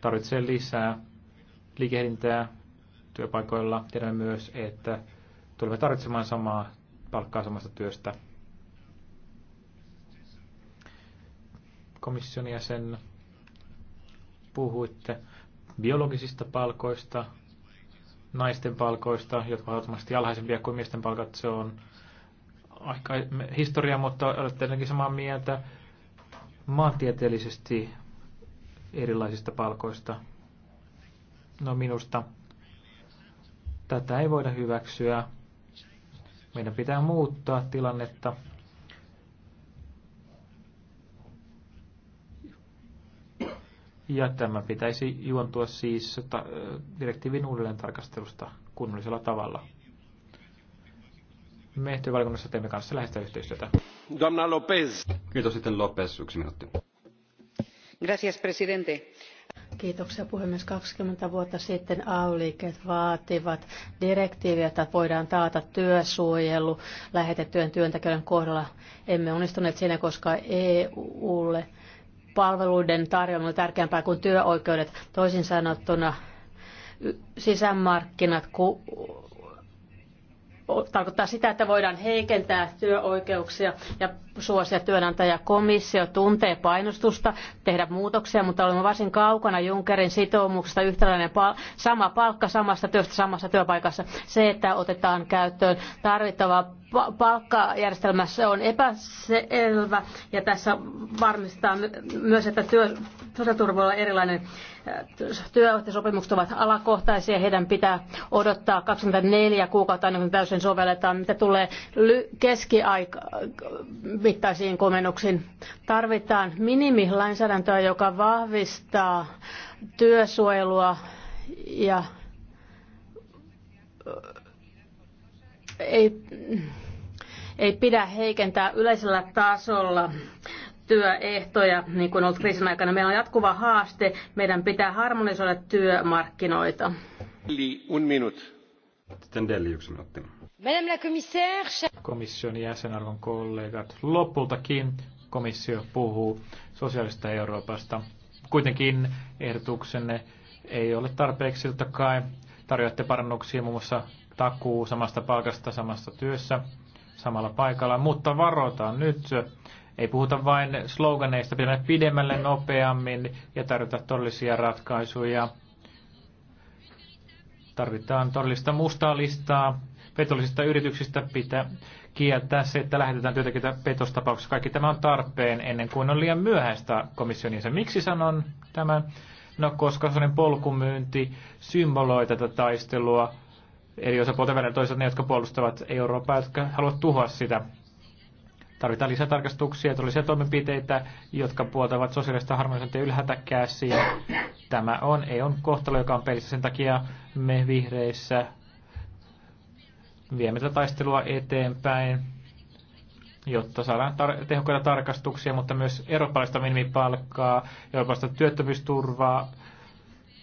C: tarvitsee lisää liikehdintää työpaikoilla. Tiedämme myös, että tulemme tarvitsemaan samaa palkkaa samasta työstä. Komission jäsen puhuitte biologisista palkoista, naisten palkoista, jotka ovat varmasti alhaisempia kuin miesten palkat. Se on aika historia, mutta olette ainakin samaa mieltä maantieteellisesti erilaisista palkoista. No minusta tätä ei voida hyväksyä. Meidän pitää muuttaa tilannetta. Ja tämä pitäisi juontua siis direktiivin uudelleen tarkastelusta kunnollisella tavalla me työvaliokunnassa teemme kanssa lähestä yhteistyötä.
A: Damna Lopez. Kiitos sitten Lopez, yksi minuutti.
D: Gracias, presidente. Kiitoksia puhemies. 20 vuotta sitten AY-liikkeet vaativat direktiiviä, että voidaan taata työsuojelu lähetettyjen työntekijöiden kohdalla. Emme onnistuneet siinä, koska EUlle palveluiden tarjoaminen on tärkeämpää kuin työoikeudet. Toisin sanottuna sisämarkkinat tarkoittaa sitä, että voidaan heikentää työoikeuksia ja suosia työnantaja. Komissio tuntee painostusta tehdä muutoksia, mutta olemme varsin kaukana Junckerin sitoumuksesta yhtäläinen pal- sama palkka samasta työstä samassa työpaikassa. Se, että otetaan käyttöön tarvittava palkkajärjestelmässä on epäselvä ja tässä varmistetaan myös, että työ, sosiaaliturva on erilainen. Äh, työehtosopimukset ovat alakohtaisia, heidän pitää odottaa 24 kuukautta ennen kuin täysin sovelletaan. Mitä tulee keskiaika, mittaisiin komennuksiin. Tarvitaan minimilainsäädäntöä, joka vahvistaa työsuojelua ja äh, ei, ei pidä heikentää yleisellä tasolla työehtoja, niin kuin on ollut kriisin aikana. Meillä on jatkuva haaste. Meidän pitää harmonisoida työmarkkinoita.
B: Eli un minut.
C: Sitten Delli yksi minuutti.
B: Madame la commissaire...
C: Komission arvon kollegat, lopultakin komissio puhuu sosiaalista Euroopasta. Kuitenkin ehdotuksenne ei ole tarpeeksi, siltä kai tarjoatte parannuksia muun muassa takuu samasta palkasta samassa työssä samalla paikalla, mutta varotaan nyt. Ei puhuta vain sloganeista, pitää pidemmälle nopeammin ja tarjota todellisia ratkaisuja. Tarvitaan todellista mustaa listaa petollisista yrityksistä pitää kieltää se, että lähetetään työntekijöitä petostapauksessa. Kaikki tämä on tarpeen ennen kuin on liian myöhäistä se Miksi sanon tämän? No, koska sellainen polkumyynti symboloi tätä taistelua eri osapuolten välillä. Toisaalta ne, jotka puolustavat Eurooppaa, jotka haluavat tuhoa sitä. Tarvitaan lisää tarkastuksia, todellisia toimenpiteitä, jotka puoltavat sosiaalista harmonisointia käsiä. Tämä on EUn kohtalo, joka on pelissä. Sen takia me vihreissä viemme tätä taistelua eteenpäin, jotta saadaan tar- tehokkaita tarkastuksia, mutta myös eurooppalaista minimipalkkaa, eurooppalaista työttömyysturvaa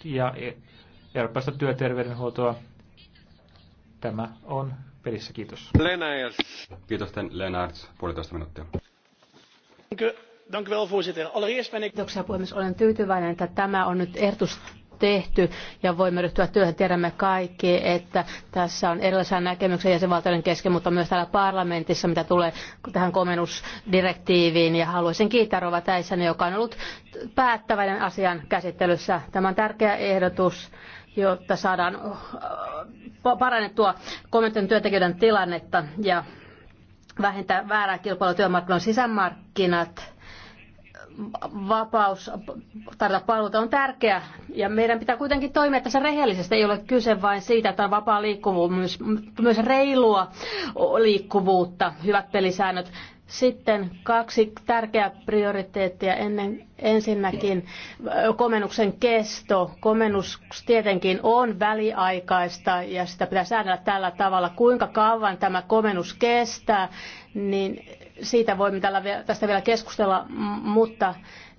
C: ja e- eurooppalaista työterveydenhuoltoa. Tämä
D: on
A: pelissä. Kiitos. Lennart. Kiitos, Lennart. Puolitoista minuuttia.
D: Dank u wel, voorzitter. Allereerst ben ik... Kiitoksia, puhemies. Olen tyytyväinen, että tämä on nyt ehdotus tehty ja voimme ryhtyä työhön. Tiedämme kaikki, että tässä on erilaisia näkemyksiä jäsenvaltioiden kesken, mutta myös täällä parlamentissa, mitä tulee tähän komennusdirektiiviin. Ja haluaisin kiittää Rova Täisänen, joka on ollut päättäväinen asian käsittelyssä. Tämä on tärkeä ehdotus jotta saadaan äh, parannettua komentojen työntekijöiden tilannetta ja vähentää väärää kilpailua työmarkkinoilla sisämarkkinat vapaus tarjota palveluita on tärkeä ja meidän pitää kuitenkin toimia tässä rehellisesti. Ei ole kyse vain siitä, että on vapaa liikkuvuus, myös, myös reilua liikkuvuutta, hyvät pelisäännöt. Sitten kaksi tärkeää prioriteettia ennen, ensinnäkin komennuksen kesto. Komennus tietenkin on väliaikaista ja sitä pitää säädellä tällä tavalla, kuinka kauan tämä komennus kestää, niin siitä voimme tällä, tästä vielä keskustella, mutta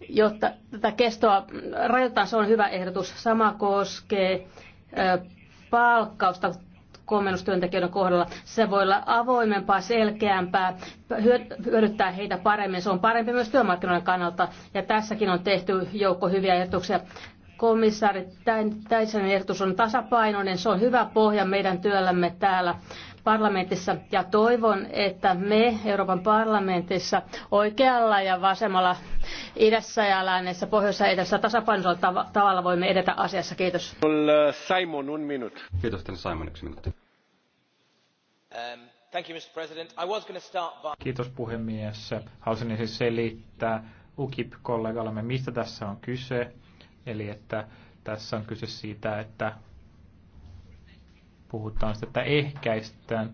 D: jotta tätä kestoa rajoitetaan, se on hyvä ehdotus. Sama koskee palkkausta komennustyöntekijöiden kohdalla. Se voi olla avoimempaa, selkeämpää, hyödyttää heitä paremmin. Se on parempi myös työmarkkinoiden kannalta. Ja tässäkin on tehty joukko hyviä ehdotuksia. Komissaari tämän ehdotus on tasapainoinen. Se on hyvä pohja meidän työllämme täällä parlamentissa ja toivon, että me Euroopan parlamentissa oikealla ja vasemmalla idässä ja lännessä, pohjoisessa ja idässä tasapainoisella tav- tavalla voimme edetä asiassa. Kiitos.
A: Simon, un minut. Kiitos teille Simon,
C: yksi minuutti. Um, thank you, Mr. President. I was start by... Kiitos puhemies. Haluaisin siis selittää ukip kollegalle mistä tässä on kyse. Eli että tässä on kyse siitä, että puhutaan sitä, että ehkäistään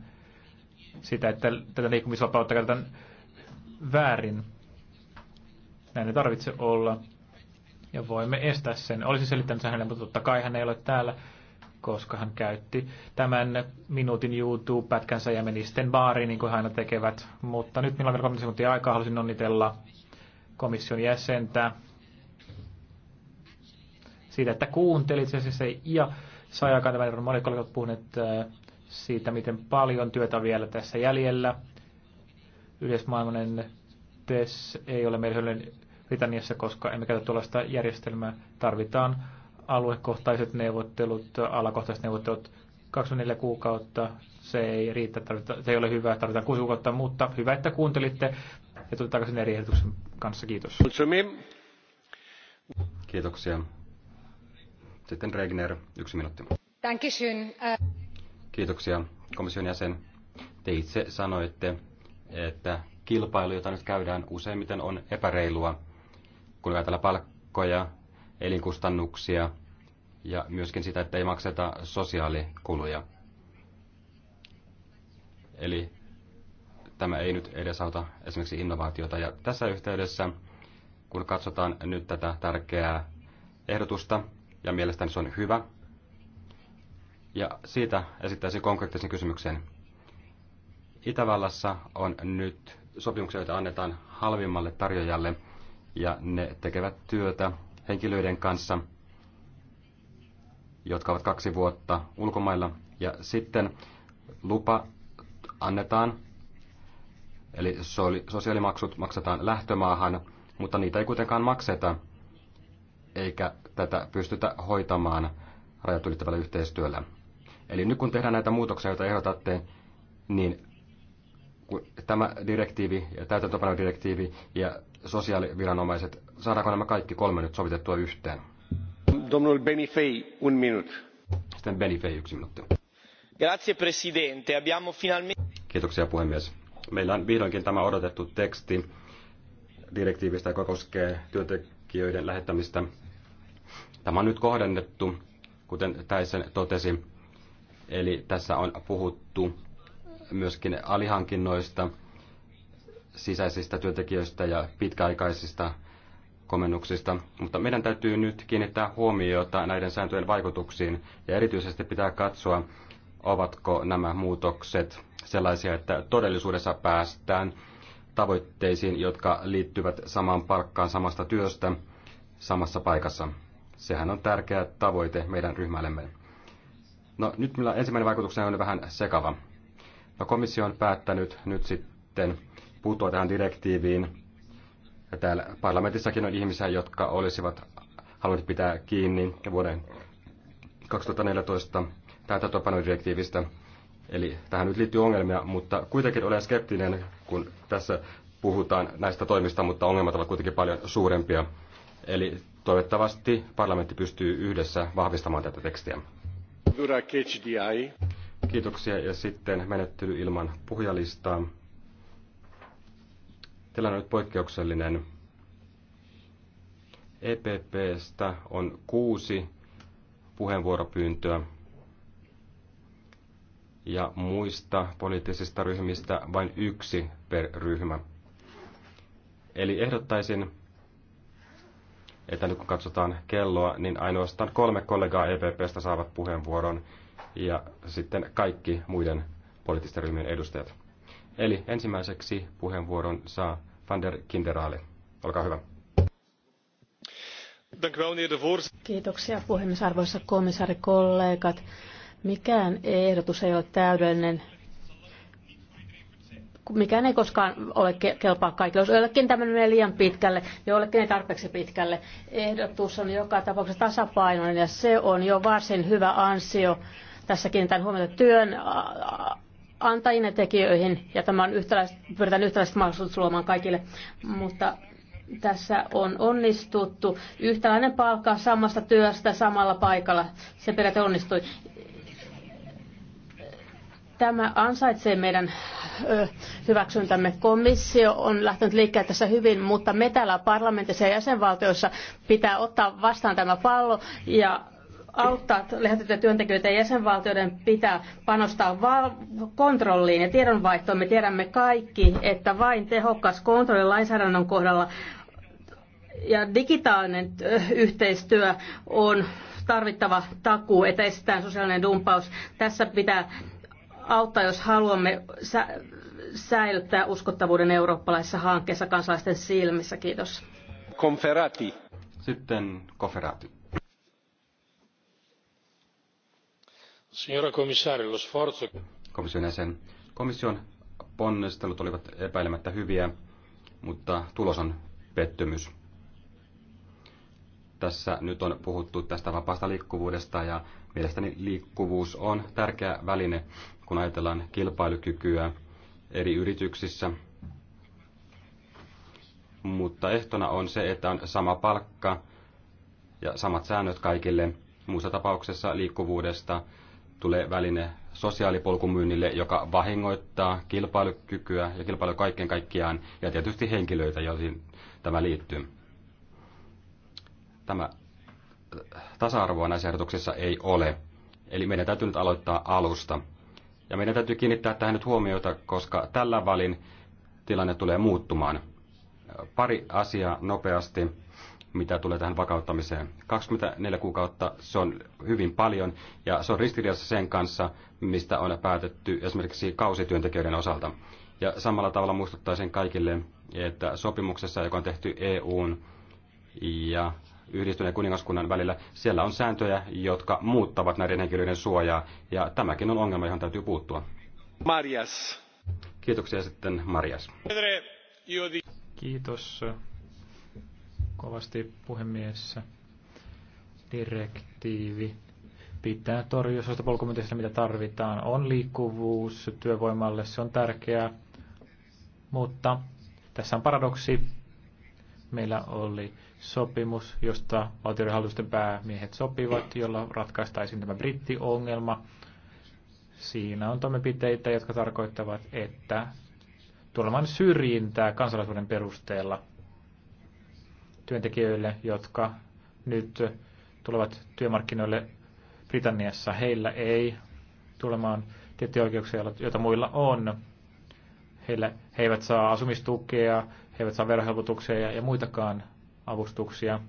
C: sitä, että tätä liikkumisvapautta käytetään väärin. Näin ei tarvitse olla. Ja voimme estää sen. Olisin selittänyt sen hänelle, mutta totta kai hän ei ole täällä, koska hän käytti tämän minuutin YouTube-pätkänsä ja meni sitten baariin, niin kuin hän aina tekevät. Mutta nyt minulla on vielä 30 sekuntia aikaa. Haluaisin onnitella komission jäsentä siitä, että kuuntelit se ja sai aikaan välillä Monet kollegat puhuneet äh, siitä, miten paljon työtä vielä tässä jäljellä. Yleismaailmanen TES ei ole meillä Britanniassa, koska emme käytä tuollaista järjestelmää. Tarvitaan aluekohtaiset neuvottelut, alakohtaiset neuvottelut 24 kuukautta. Se ei riitä, tarvita, se ei ole hyvä, tarvitaan 6 kuukautta, mutta hyvä, että kuuntelitte ja tuli takaisin eri ehdotuksen kanssa. Kiitos.
A: Kiitoksia. Sitten Regner, yksi minuutti. Uh, Kiitoksia, komission jäsen. Te itse sanoitte, että kilpailu, jota nyt käydään, useimmiten on epäreilua, kun ajatellaan palkkoja, elinkustannuksia ja myöskin sitä, että ei makseta sosiaalikuluja. Eli tämä ei nyt edesauta esimerkiksi innovaatiota. Ja tässä yhteydessä, kun katsotaan nyt tätä tärkeää ehdotusta, ja mielestäni se on hyvä. Ja siitä esittäisin konkreettisen kysymyksen. Itävallassa on nyt sopimuksia, joita annetaan halvimmalle tarjoajalle, ja ne tekevät työtä henkilöiden kanssa, jotka ovat kaksi vuotta ulkomailla, ja sitten lupa annetaan, eli sosiaalimaksut maksetaan lähtömaahan, mutta niitä ei kuitenkaan makseta eikä tätä pystytä hoitamaan rajat ylittävällä yhteistyöllä. Eli nyt kun tehdään näitä muutoksia, joita ehdotatte, niin tämä direktiivi, täytäntöpanodirektiivi ja sosiaaliviranomaiset, saadaanko nämä kaikki kolme nyt sovitettua yhteen? Domnul Benifei, un minut. Sitten Benifei, yksi minuutti.
C: Grazie presidente, abbiamo finalmente...
A: Kiitoksia puhemies. Meillä on vihdoinkin tämä odotettu teksti direktiivistä, joka koskee työntekijöiden lähettämistä Tämä on nyt kohdennettu, kuten Täisen totesi, eli tässä on puhuttu myöskin alihankinnoista, sisäisistä työntekijöistä ja pitkäaikaisista komennuksista, mutta meidän täytyy nyt kiinnittää huomiota näiden sääntöjen vaikutuksiin ja erityisesti pitää katsoa, ovatko nämä muutokset sellaisia, että todellisuudessa päästään tavoitteisiin, jotka liittyvät samaan palkkaan samasta työstä samassa paikassa. Sehän on tärkeä tavoite meidän ryhmällemme. No nyt meillä ensimmäinen vaikutuksena on vähän sekava. No komissio on päättänyt nyt sitten puuttua tähän direktiiviin. Ja täällä parlamentissakin on ihmisiä, jotka olisivat halunneet pitää kiinni vuoden 2014 direktiivistä. Eli tähän nyt liittyy ongelmia, mutta kuitenkin olen skeptinen, kun tässä puhutaan näistä toimista, mutta ongelmat ovat kuitenkin paljon suurempia. Eli Toivottavasti parlamentti pystyy yhdessä vahvistamaan tätä tekstiä. Kiitoksia ja sitten menettely ilman puhujalistaa. Tällä on nyt poikkeuksellinen. EPPstä on kuusi puheenvuoropyyntöä ja muista poliittisista ryhmistä vain yksi per ryhmä. Eli ehdottaisin, että nyt kun katsotaan kelloa, niin ainoastaan kolme kollegaa EPPstä saavat puheenvuoron ja sitten kaikki muiden poliittisten ryhmien edustajat. Eli ensimmäiseksi puheenvuoron saa van der Kinderale. Olkaa hyvä.
D: Kiitoksia puhemies, arvoisa komissaari, kollegat. Mikään ehdotus ei ole täydellinen mikään ei koskaan ole kelpaa kaikille. Jos joillekin tämä menee liian pitkälle, joillekin ei tarpeeksi pitkälle. Ehdotus on joka tapauksessa tasapainoinen ja se on jo varsin hyvä ansio. Tässä kiinnitän huomiota työn antajien ja tekijöihin ja tämä on yhtäläiset, pyritään yhtäläiset mahdollisuudet luomaan kaikille. Mutta tässä on onnistuttu. Yhtäläinen palkka samasta työstä samalla paikalla. Se periaate onnistui. Tämä ansaitsee meidän ö, hyväksyntämme. Komissio on lähtenyt liikkeelle tässä hyvin, mutta me täällä parlamentissa ja jäsenvaltioissa pitää ottaa vastaan tämä pallo ja auttaa lähetettyjä työntekijöitä ja jäsenvaltioiden pitää panostaa val- kontrolliin ja tiedonvaihtoon. Me tiedämme kaikki, että vain tehokas kontrolli lainsäädännön kohdalla ja digitaalinen yhteistyö on tarvittava takuu, että estetään sosiaalinen dumpaus. Tässä pitää auttaa, jos haluamme sä- säilyttää uskottavuuden eurooppalaisessa hankkeessa kansalaisten silmissä. Kiitos.
A: Konferati. Sitten konferati.
C: Signora commissario, lo sforzo...
A: Komission jäsen. Komission ponnistelut olivat epäilemättä hyviä, mutta tulos on pettymys. Tässä nyt on puhuttu tästä vapaasta liikkuvuudesta ja mielestäni liikkuvuus on tärkeä väline, kun ajatellaan kilpailukykyä eri yrityksissä. Mutta ehtona on se, että on sama palkka ja samat säännöt kaikille. Muussa tapauksessa liikkuvuudesta tulee väline sosiaalipolkumyynnille, joka vahingoittaa kilpailukykyä ja kilpailu kaiken kaikkiaan ja tietysti henkilöitä, joihin tämä liittyy. Tämä äh, tasa-arvoa näissä ehdotuksissa ei ole. Eli meidän täytyy nyt aloittaa alusta. Ja meidän täytyy kiinnittää tähän nyt huomiota, koska tällä valin tilanne tulee muuttumaan. Pari asiaa nopeasti, mitä tulee tähän vakauttamiseen. 24 kuukautta, se on hyvin paljon, ja se on ristiriidassa sen kanssa, mistä on päätetty esimerkiksi kausityöntekijöiden osalta. Ja samalla tavalla muistuttaisin kaikille, että sopimuksessa, joka on tehty EUn ja yhdistyneen kuningaskunnan välillä, siellä on sääntöjä, jotka muuttavat näiden henkilöiden suojaa, ja tämäkin on ongelma, johon täytyy puuttua. Marias. Kiitoksia sitten Marias.
C: Kiitos äh, kovasti puhemies. Direktiivi pitää torjua sellaista polkumyyntiä, mitä tarvitaan. On liikkuvuus työvoimalle, se on tärkeää, mutta tässä on paradoksi meillä oli sopimus, josta valtioiden hallitusten päämiehet sopivat, jolla ratkaistaisiin tämä brittiongelma. Siinä on toimenpiteitä, jotka tarkoittavat, että tulemaan syrjintää kansalaisuuden perusteella työntekijöille, jotka nyt tulevat työmarkkinoille Britanniassa. Heillä ei tulemaan tiettyjä oikeuksia, joita muilla on. Heillä, he eivät saa asumistukea, he eivät saa verohelpotuksia ja, ja muitakaan avustuksia.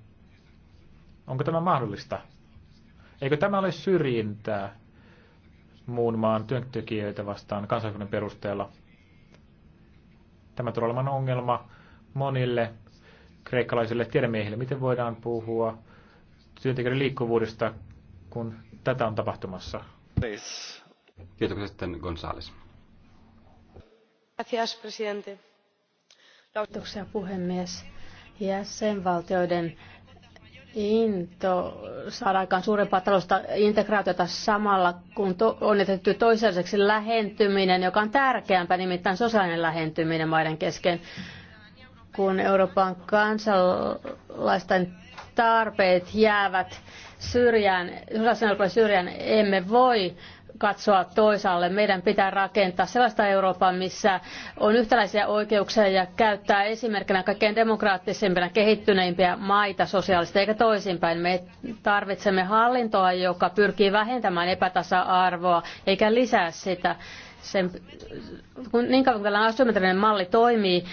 C: Onko tämä mahdollista? Eikö tämä ole syrjintää muun maan työntekijöitä vastaan kansainvälisen perusteella? Tämä tulee olemaan ongelma monille kreikkalaisille tiedemiehille. Miten voidaan puhua työntekijöiden liikkuvuudesta, kun tätä on tapahtumassa? Kiitoksia sitten Gonzales.
B: Gracias, presidente
D: Kiitoksia puhemies. Jäsenvaltioiden into saada aikaan suurempaa talousta integraatiota samalla, kun to, on etetty toiselliseksi lähentyminen, joka on tärkeämpää, nimittäin sosiaalinen lähentyminen maiden kesken, kun Euroopan kansalaisten tarpeet jäävät syrjään, sosiaalisen syrjään, emme voi katsoa toisaalle. Meidän pitää rakentaa sellaista Eurooppaa, missä on yhtäläisiä oikeuksia ja käyttää esimerkkinä kaikkein demokraattisimpina kehittyneimpiä maita sosiaalisesti eikä toisinpäin. Me tarvitsemme hallintoa, joka pyrkii vähentämään epätasa-arvoa eikä lisää sitä. Sen, kun, niin kauan kuin tällainen asymmetrinen malli toimii,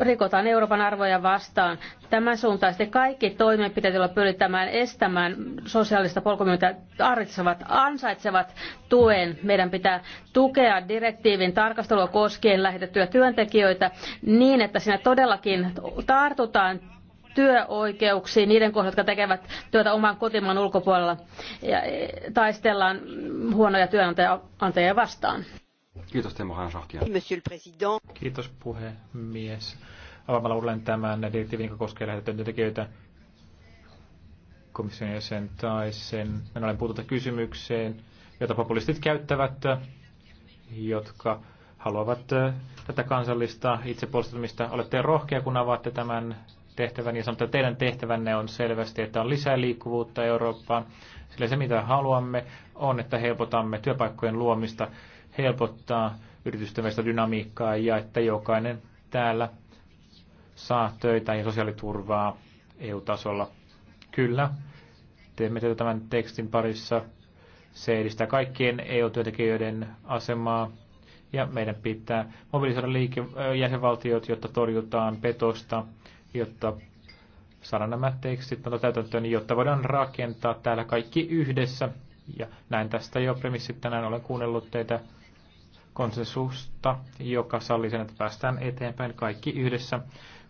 D: rikotaan Euroopan arvoja vastaan. Tämän suuntaisesti kaikki toimenpiteet, joilla pyritään estämään sosiaalista polkumyyntiä, ansaitsevat, ansaitsevat tuen. Meidän pitää tukea direktiivin tarkastelua koskien lähetettyjä työntekijöitä niin, että siinä todellakin tartutaan työoikeuksiin niiden kohdalla, jotka tekevät työtä oman kotimaan ulkopuolella ja taistellaan huonoja työnantajia vastaan.
C: Kiitos
A: Teemu Hanshahtia.
C: Kiitos puhemies. Avaamalla uudelleen tämän direktiivin, joka koskee lähetettyjä työntekijöitä komission jäsen tai sen, minä olen puututa kysymykseen, jota populistit käyttävät, jotka haluavat äh, tätä kansallista itsepuolustamista. Olette rohkea, kun avaatte tämän tehtävän ja sanotte, että teidän tehtävänne on selvästi, että on lisää liikkuvuutta Eurooppaan, sillä se mitä haluamme on, että helpotamme työpaikkojen luomista helpottaa yritysten välistä dynamiikkaa ja että jokainen täällä saa töitä ja sosiaaliturvaa EU-tasolla. Kyllä, teemme työtä tämän tekstin parissa. Se edistää kaikkien EU-työntekijöiden asemaa ja meidän pitää mobilisoida liike- jäsenvaltiot, jotta torjutaan petosta, jotta saadaan nämä tekstit tuota täytäntöön, jotta voidaan rakentaa täällä kaikki yhdessä. Ja näin tästä jo premissit tänään olen kuunnellut teitä konsensusta, joka sallii sen, että päästään eteenpäin kaikki yhdessä.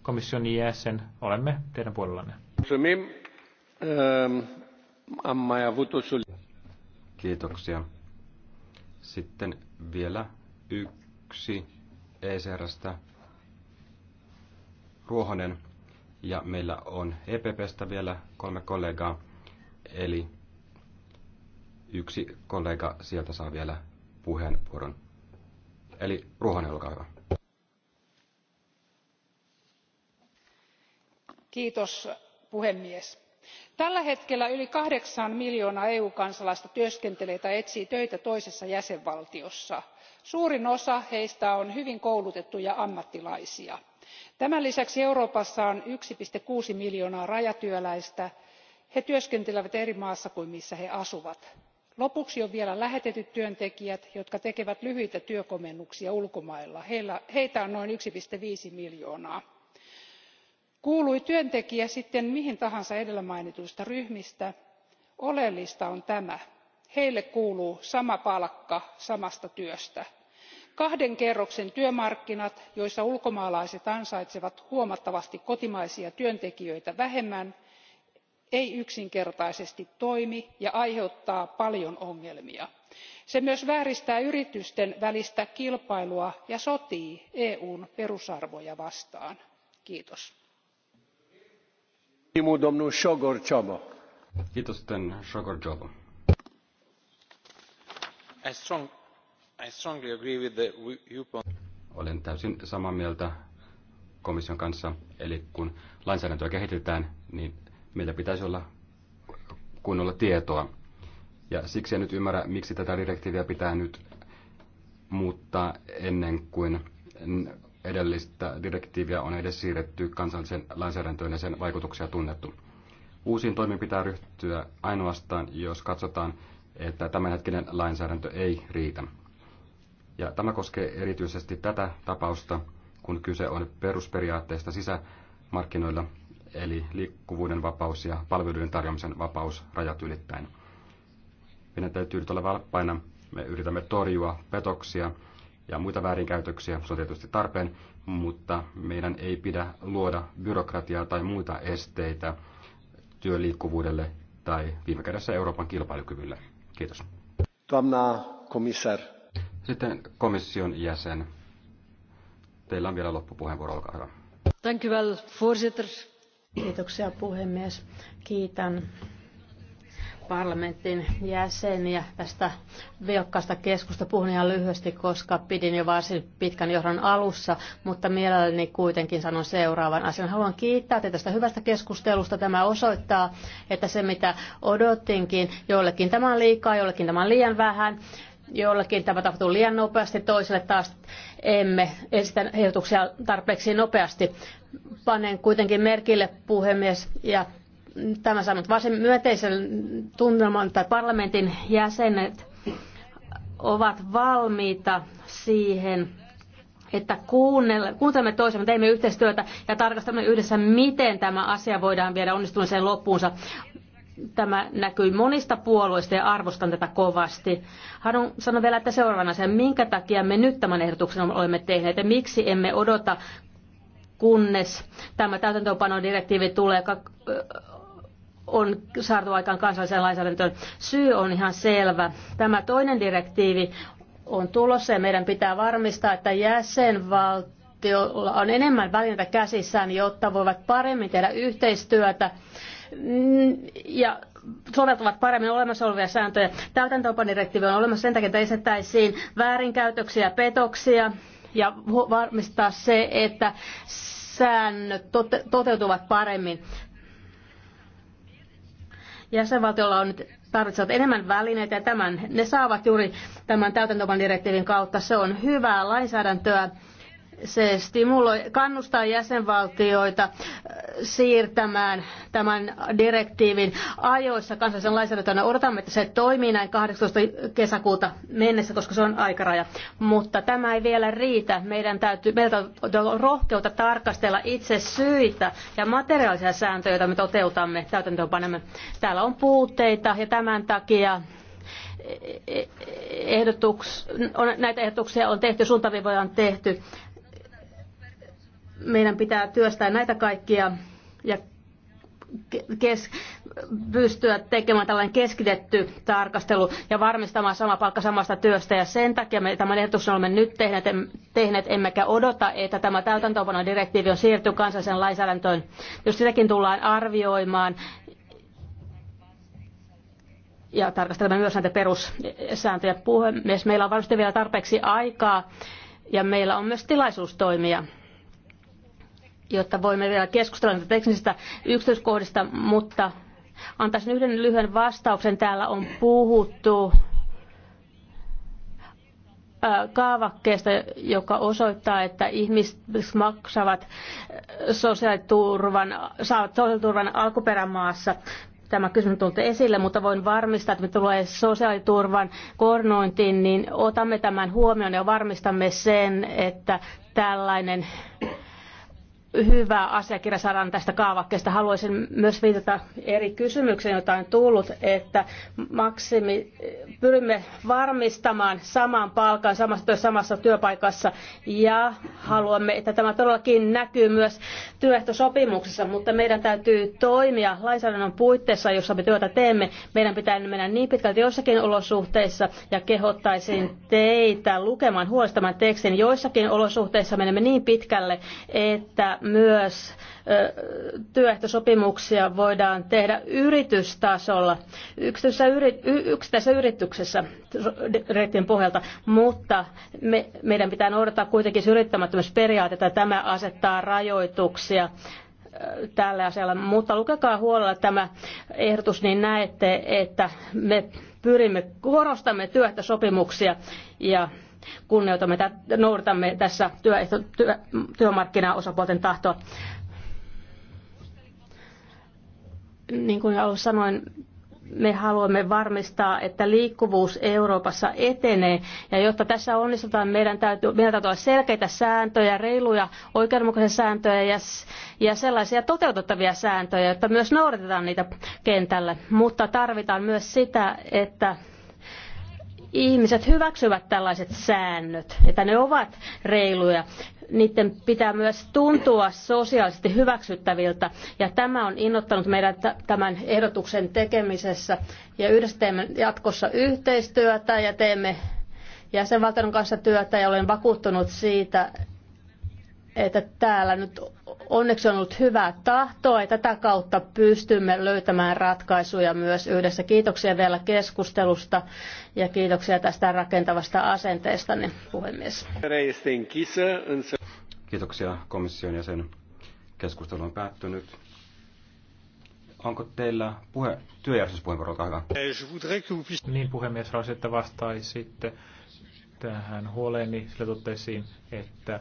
C: Komission jäsen, olemme teidän puolellanne.
A: Kiitoksia. Sitten vielä yksi ECRstä Ruohonen. Ja meillä on EPPstä vielä kolme kollegaa. Eli yksi kollega sieltä saa vielä puheenvuoron. Eli Ruohonen, olkaa hyvä.
B: Kiitos puhemies. Tällä hetkellä yli kahdeksan miljoonaa EU-kansalaista työskentelee tai etsii töitä toisessa jäsenvaltiossa. Suurin osa heistä on hyvin koulutettuja ammattilaisia. Tämän lisäksi Euroopassa on 1,6 miljoonaa rajatyöläistä. He työskentelevät eri maassa kuin missä he asuvat lopuksi on vielä lähetetyt työntekijät jotka tekevät lyhyitä työkomennuksia ulkomailla heitä on noin yksi viisi miljoonaa. kuului työntekijä sitten mihin tahansa edellä mainituista ryhmistä oleellista on tämä heille kuuluu sama palkka samasta työstä. kahden kerroksen työmarkkinat joissa ulkomaalaiset ansaitsevat huomattavasti kotimaisia työntekijöitä vähemmän ei yksinkertaisesti toimi ja aiheuttaa paljon ongelmia. se myös vääristää yritysten välistä kilpailua ja sotii eun perusarvoja vastaan. kiitos.
A: olen täysin samaa mieltä komission kanssa eli kun lainsäädäntöä kehitetään niin Meillä pitäisi olla kunnolla tietoa. Ja siksi en nyt ymmärrä, miksi tätä direktiiviä pitää nyt muuttaa ennen kuin edellistä direktiiviä on edes siirretty kansalliseen lainsäädäntöön ja sen vaikutuksia tunnettu. Uusiin toimiin pitää ryhtyä ainoastaan, jos katsotaan, että tämänhetkinen lainsäädäntö ei riitä. Ja tämä koskee erityisesti tätä tapausta, kun kyse on perusperiaatteista sisämarkkinoilla, eli liikkuvuuden vapaus ja palveluiden tarjoamisen vapaus rajat ylittäen. Meidän täytyy nyt olla valppaina. Me yritämme torjua petoksia ja muita väärinkäytöksiä. Se on tietysti tarpeen, mutta meidän ei pidä luoda byrokratiaa tai muita esteitä työliikkuvuudelle tai viime kädessä Euroopan kilpailukyvylle. Kiitos. Tuomna komissar. Sitten komission jäsen. Teillä on vielä loppupuheenvuoro, olkaa hyvä.
D: Thank you well, Kiitoksia puhemies. Kiitän parlamentin jäseniä tästä vilkkaasta keskusta. Puhun ihan lyhyesti, koska pidin jo varsin pitkän johdon alussa, mutta mielelläni kuitenkin sanon seuraavan asian. Haluan kiittää teitä tästä hyvästä keskustelusta. Tämä osoittaa, että se mitä odotinkin, joillekin tämä on liikaa, joillekin tämä on liian vähän, jollakin tämä tapahtuu liian nopeasti, toiselle taas emme esitä ehdotuksia tarpeeksi nopeasti. Panen kuitenkin merkille puhemies ja tämä saanut varsin myönteisen tunnelman, että parlamentin jäsenet ovat valmiita siihen, että kuuntelemme toisemme, teemme yhteistyötä ja tarkastamme yhdessä, miten tämä asia voidaan viedä onnistumiseen loppuunsa tämä näkyy monista puolueista ja arvostan tätä kovasti. Haluan sanoa vielä, että seuraavana sen, minkä takia me nyt tämän ehdotuksen olemme tehneet ja miksi emme odota, kunnes tämä täytäntöönpanodirektiivi tulee on saatu aikaan kansalliseen lainsäädäntöön. Syy on ihan selvä. Tämä toinen direktiivi on tulossa ja meidän pitää varmistaa, että jäsenvaltiolla on enemmän välineitä käsissään, jotta voivat paremmin tehdä yhteistyötä Mm, ja soveltavat paremmin olemassa olevia sääntöjä. Täytäntöönpanodirektiivi on olemassa sen takia, että esittäisiin väärinkäytöksiä ja petoksia ja varmistaa se, että säännöt toteutuvat paremmin. Jäsenvaltiolla on nyt tarvitsevat enemmän välineitä ja tämän, ne saavat juuri tämän täytäntöpandirektiivin kautta. Se on hyvää lainsäädäntöä se stimuloi, kannustaa jäsenvaltioita äh, siirtämään tämän direktiivin ajoissa kansallisen lainsäädäntöön. Odotamme, että se toimii näin 18. kesäkuuta mennessä, koska se on aikaraja. Mutta tämä ei vielä riitä. Meidän täytyy, meiltä on rohkeutta tarkastella itse syitä ja materiaalisia sääntöjä, joita me toteutamme, täytäntöönpanemme. Täällä on puutteita ja tämän takia ehdotuks, näitä ehdotuksia on tehty, suuntaviivoja on tehty meidän pitää työstää näitä kaikkia ja kes, pystyä tekemään tällainen keskitetty tarkastelu ja varmistamaan sama palkka samasta työstä. Ja sen takia me tämän ehdotuksen olemme nyt tehneet, em, tehneet emmekä odota, että tämä täytäntöönpanon direktiivi on siirtynyt kansalliseen lainsäädäntöön. Jos sitäkin tullaan arvioimaan ja tarkastelemme myös näitä perussääntöjä puhemies, meillä on varmasti vielä tarpeeksi aikaa ja meillä on myös tilaisuus toimia jotta voimme vielä keskustella näistä teknisistä yksityiskohdista, mutta antaisin yhden lyhyen vastauksen. Täällä on puhuttu kaavakkeesta, joka osoittaa, että ihmiset maksavat sosiaaliturvan, saavat sosiaaliturvan alkuperämaassa. Tämä kysymys tullut esille, mutta voin varmistaa, että me tulee sosiaaliturvan koordinointiin, niin otamme tämän huomioon ja varmistamme sen, että tällainen hyvä asiakirja saadaan tästä kaavakkeesta. Haluaisin myös viitata eri kysymykseen, joita on tullut, että maksimi, pyrimme varmistamaan saman palkan samassa, samassa työpaikassa ja haluamme, että tämä todellakin näkyy myös työehtosopimuksessa, mutta meidän täytyy toimia lainsäädännön puitteissa, jossa me työtä teemme. Meidän pitää mennä niin pitkälti jossakin olosuhteissa ja kehottaisin teitä lukemaan huolestaman tekstin. Joissakin olosuhteissa menemme niin pitkälle, että myös työehtosopimuksia voidaan tehdä yritystasolla, yksityisessä, yri, yksittäisessä yrityksessä direktiivin pohjalta, mutta me, meidän pitää noudattaa kuitenkin ja Tämä asettaa rajoituksia tällä asialla, mutta lukekaa huolella tämä ehdotus, niin näette, että me pyrimme, korostamme työehtosopimuksia ja kunnioitamme, noudatamme tässä työ, työmarkkinaosapuolten tahtoa. Niin kuin alussa sanoin, me haluamme varmistaa, että liikkuvuus Euroopassa etenee. Ja jotta tässä onnistutaan, meidän täytyy, meidän täytyy olla selkeitä sääntöjä, reiluja, oikeudenmukaisia sääntöjä ja, ja sellaisia toteutettavia sääntöjä, jotta myös noudatetaan niitä kentällä. Mutta tarvitaan myös sitä, että ihmiset hyväksyvät tällaiset säännöt, että ne ovat reiluja. Niiden pitää myös tuntua sosiaalisesti hyväksyttäviltä ja tämä on innottanut meidän tämän ehdotuksen tekemisessä ja yhdessä teemme jatkossa yhteistyötä ja teemme jäsenvaltion kanssa työtä ja olen vakuuttunut siitä, että täällä nyt onneksi on ollut hyvää tahtoa ja tätä kautta pystymme löytämään ratkaisuja myös yhdessä. Kiitoksia vielä keskustelusta ja kiitoksia tästä rakentavasta asenteesta, niin puhemies.
A: Kiitoksia komission jäsen. Keskustelu on päättynyt. Onko teillä puhe, työjärjestyspuheenvuoro, olkaa hyvä.
C: Niin puhemies, Rasi, että vastaisitte tähän huoleeni, sillä totesiin, että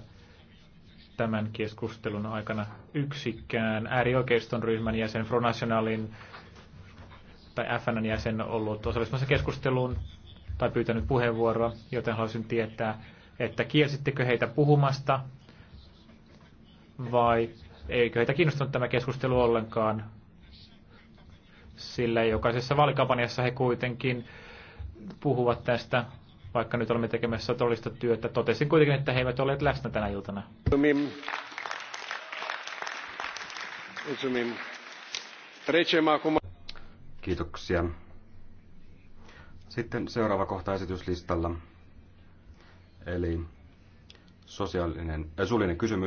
C: tämän keskustelun aikana yksikään äärioikeiston ryhmän jäsen, Front Nationalin tai FNn jäsen ollut osallistumassa keskusteluun tai pyytänyt puheenvuoroa, joten haluaisin tietää, että kielsittekö heitä puhumasta vai eikö heitä kiinnostanut tämä keskustelu ollenkaan, sillä jokaisessa vaalikampanjassa he kuitenkin puhuvat tästä vaikka nyt olemme tekemässä todellista työtä. Totesin kuitenkin, että he eivät olleet läsnä tänä iltana.
A: Kiitoksia. Sitten seuraava kohta esityslistalla, eli sosiaalinen, äh, suullinen kysymys.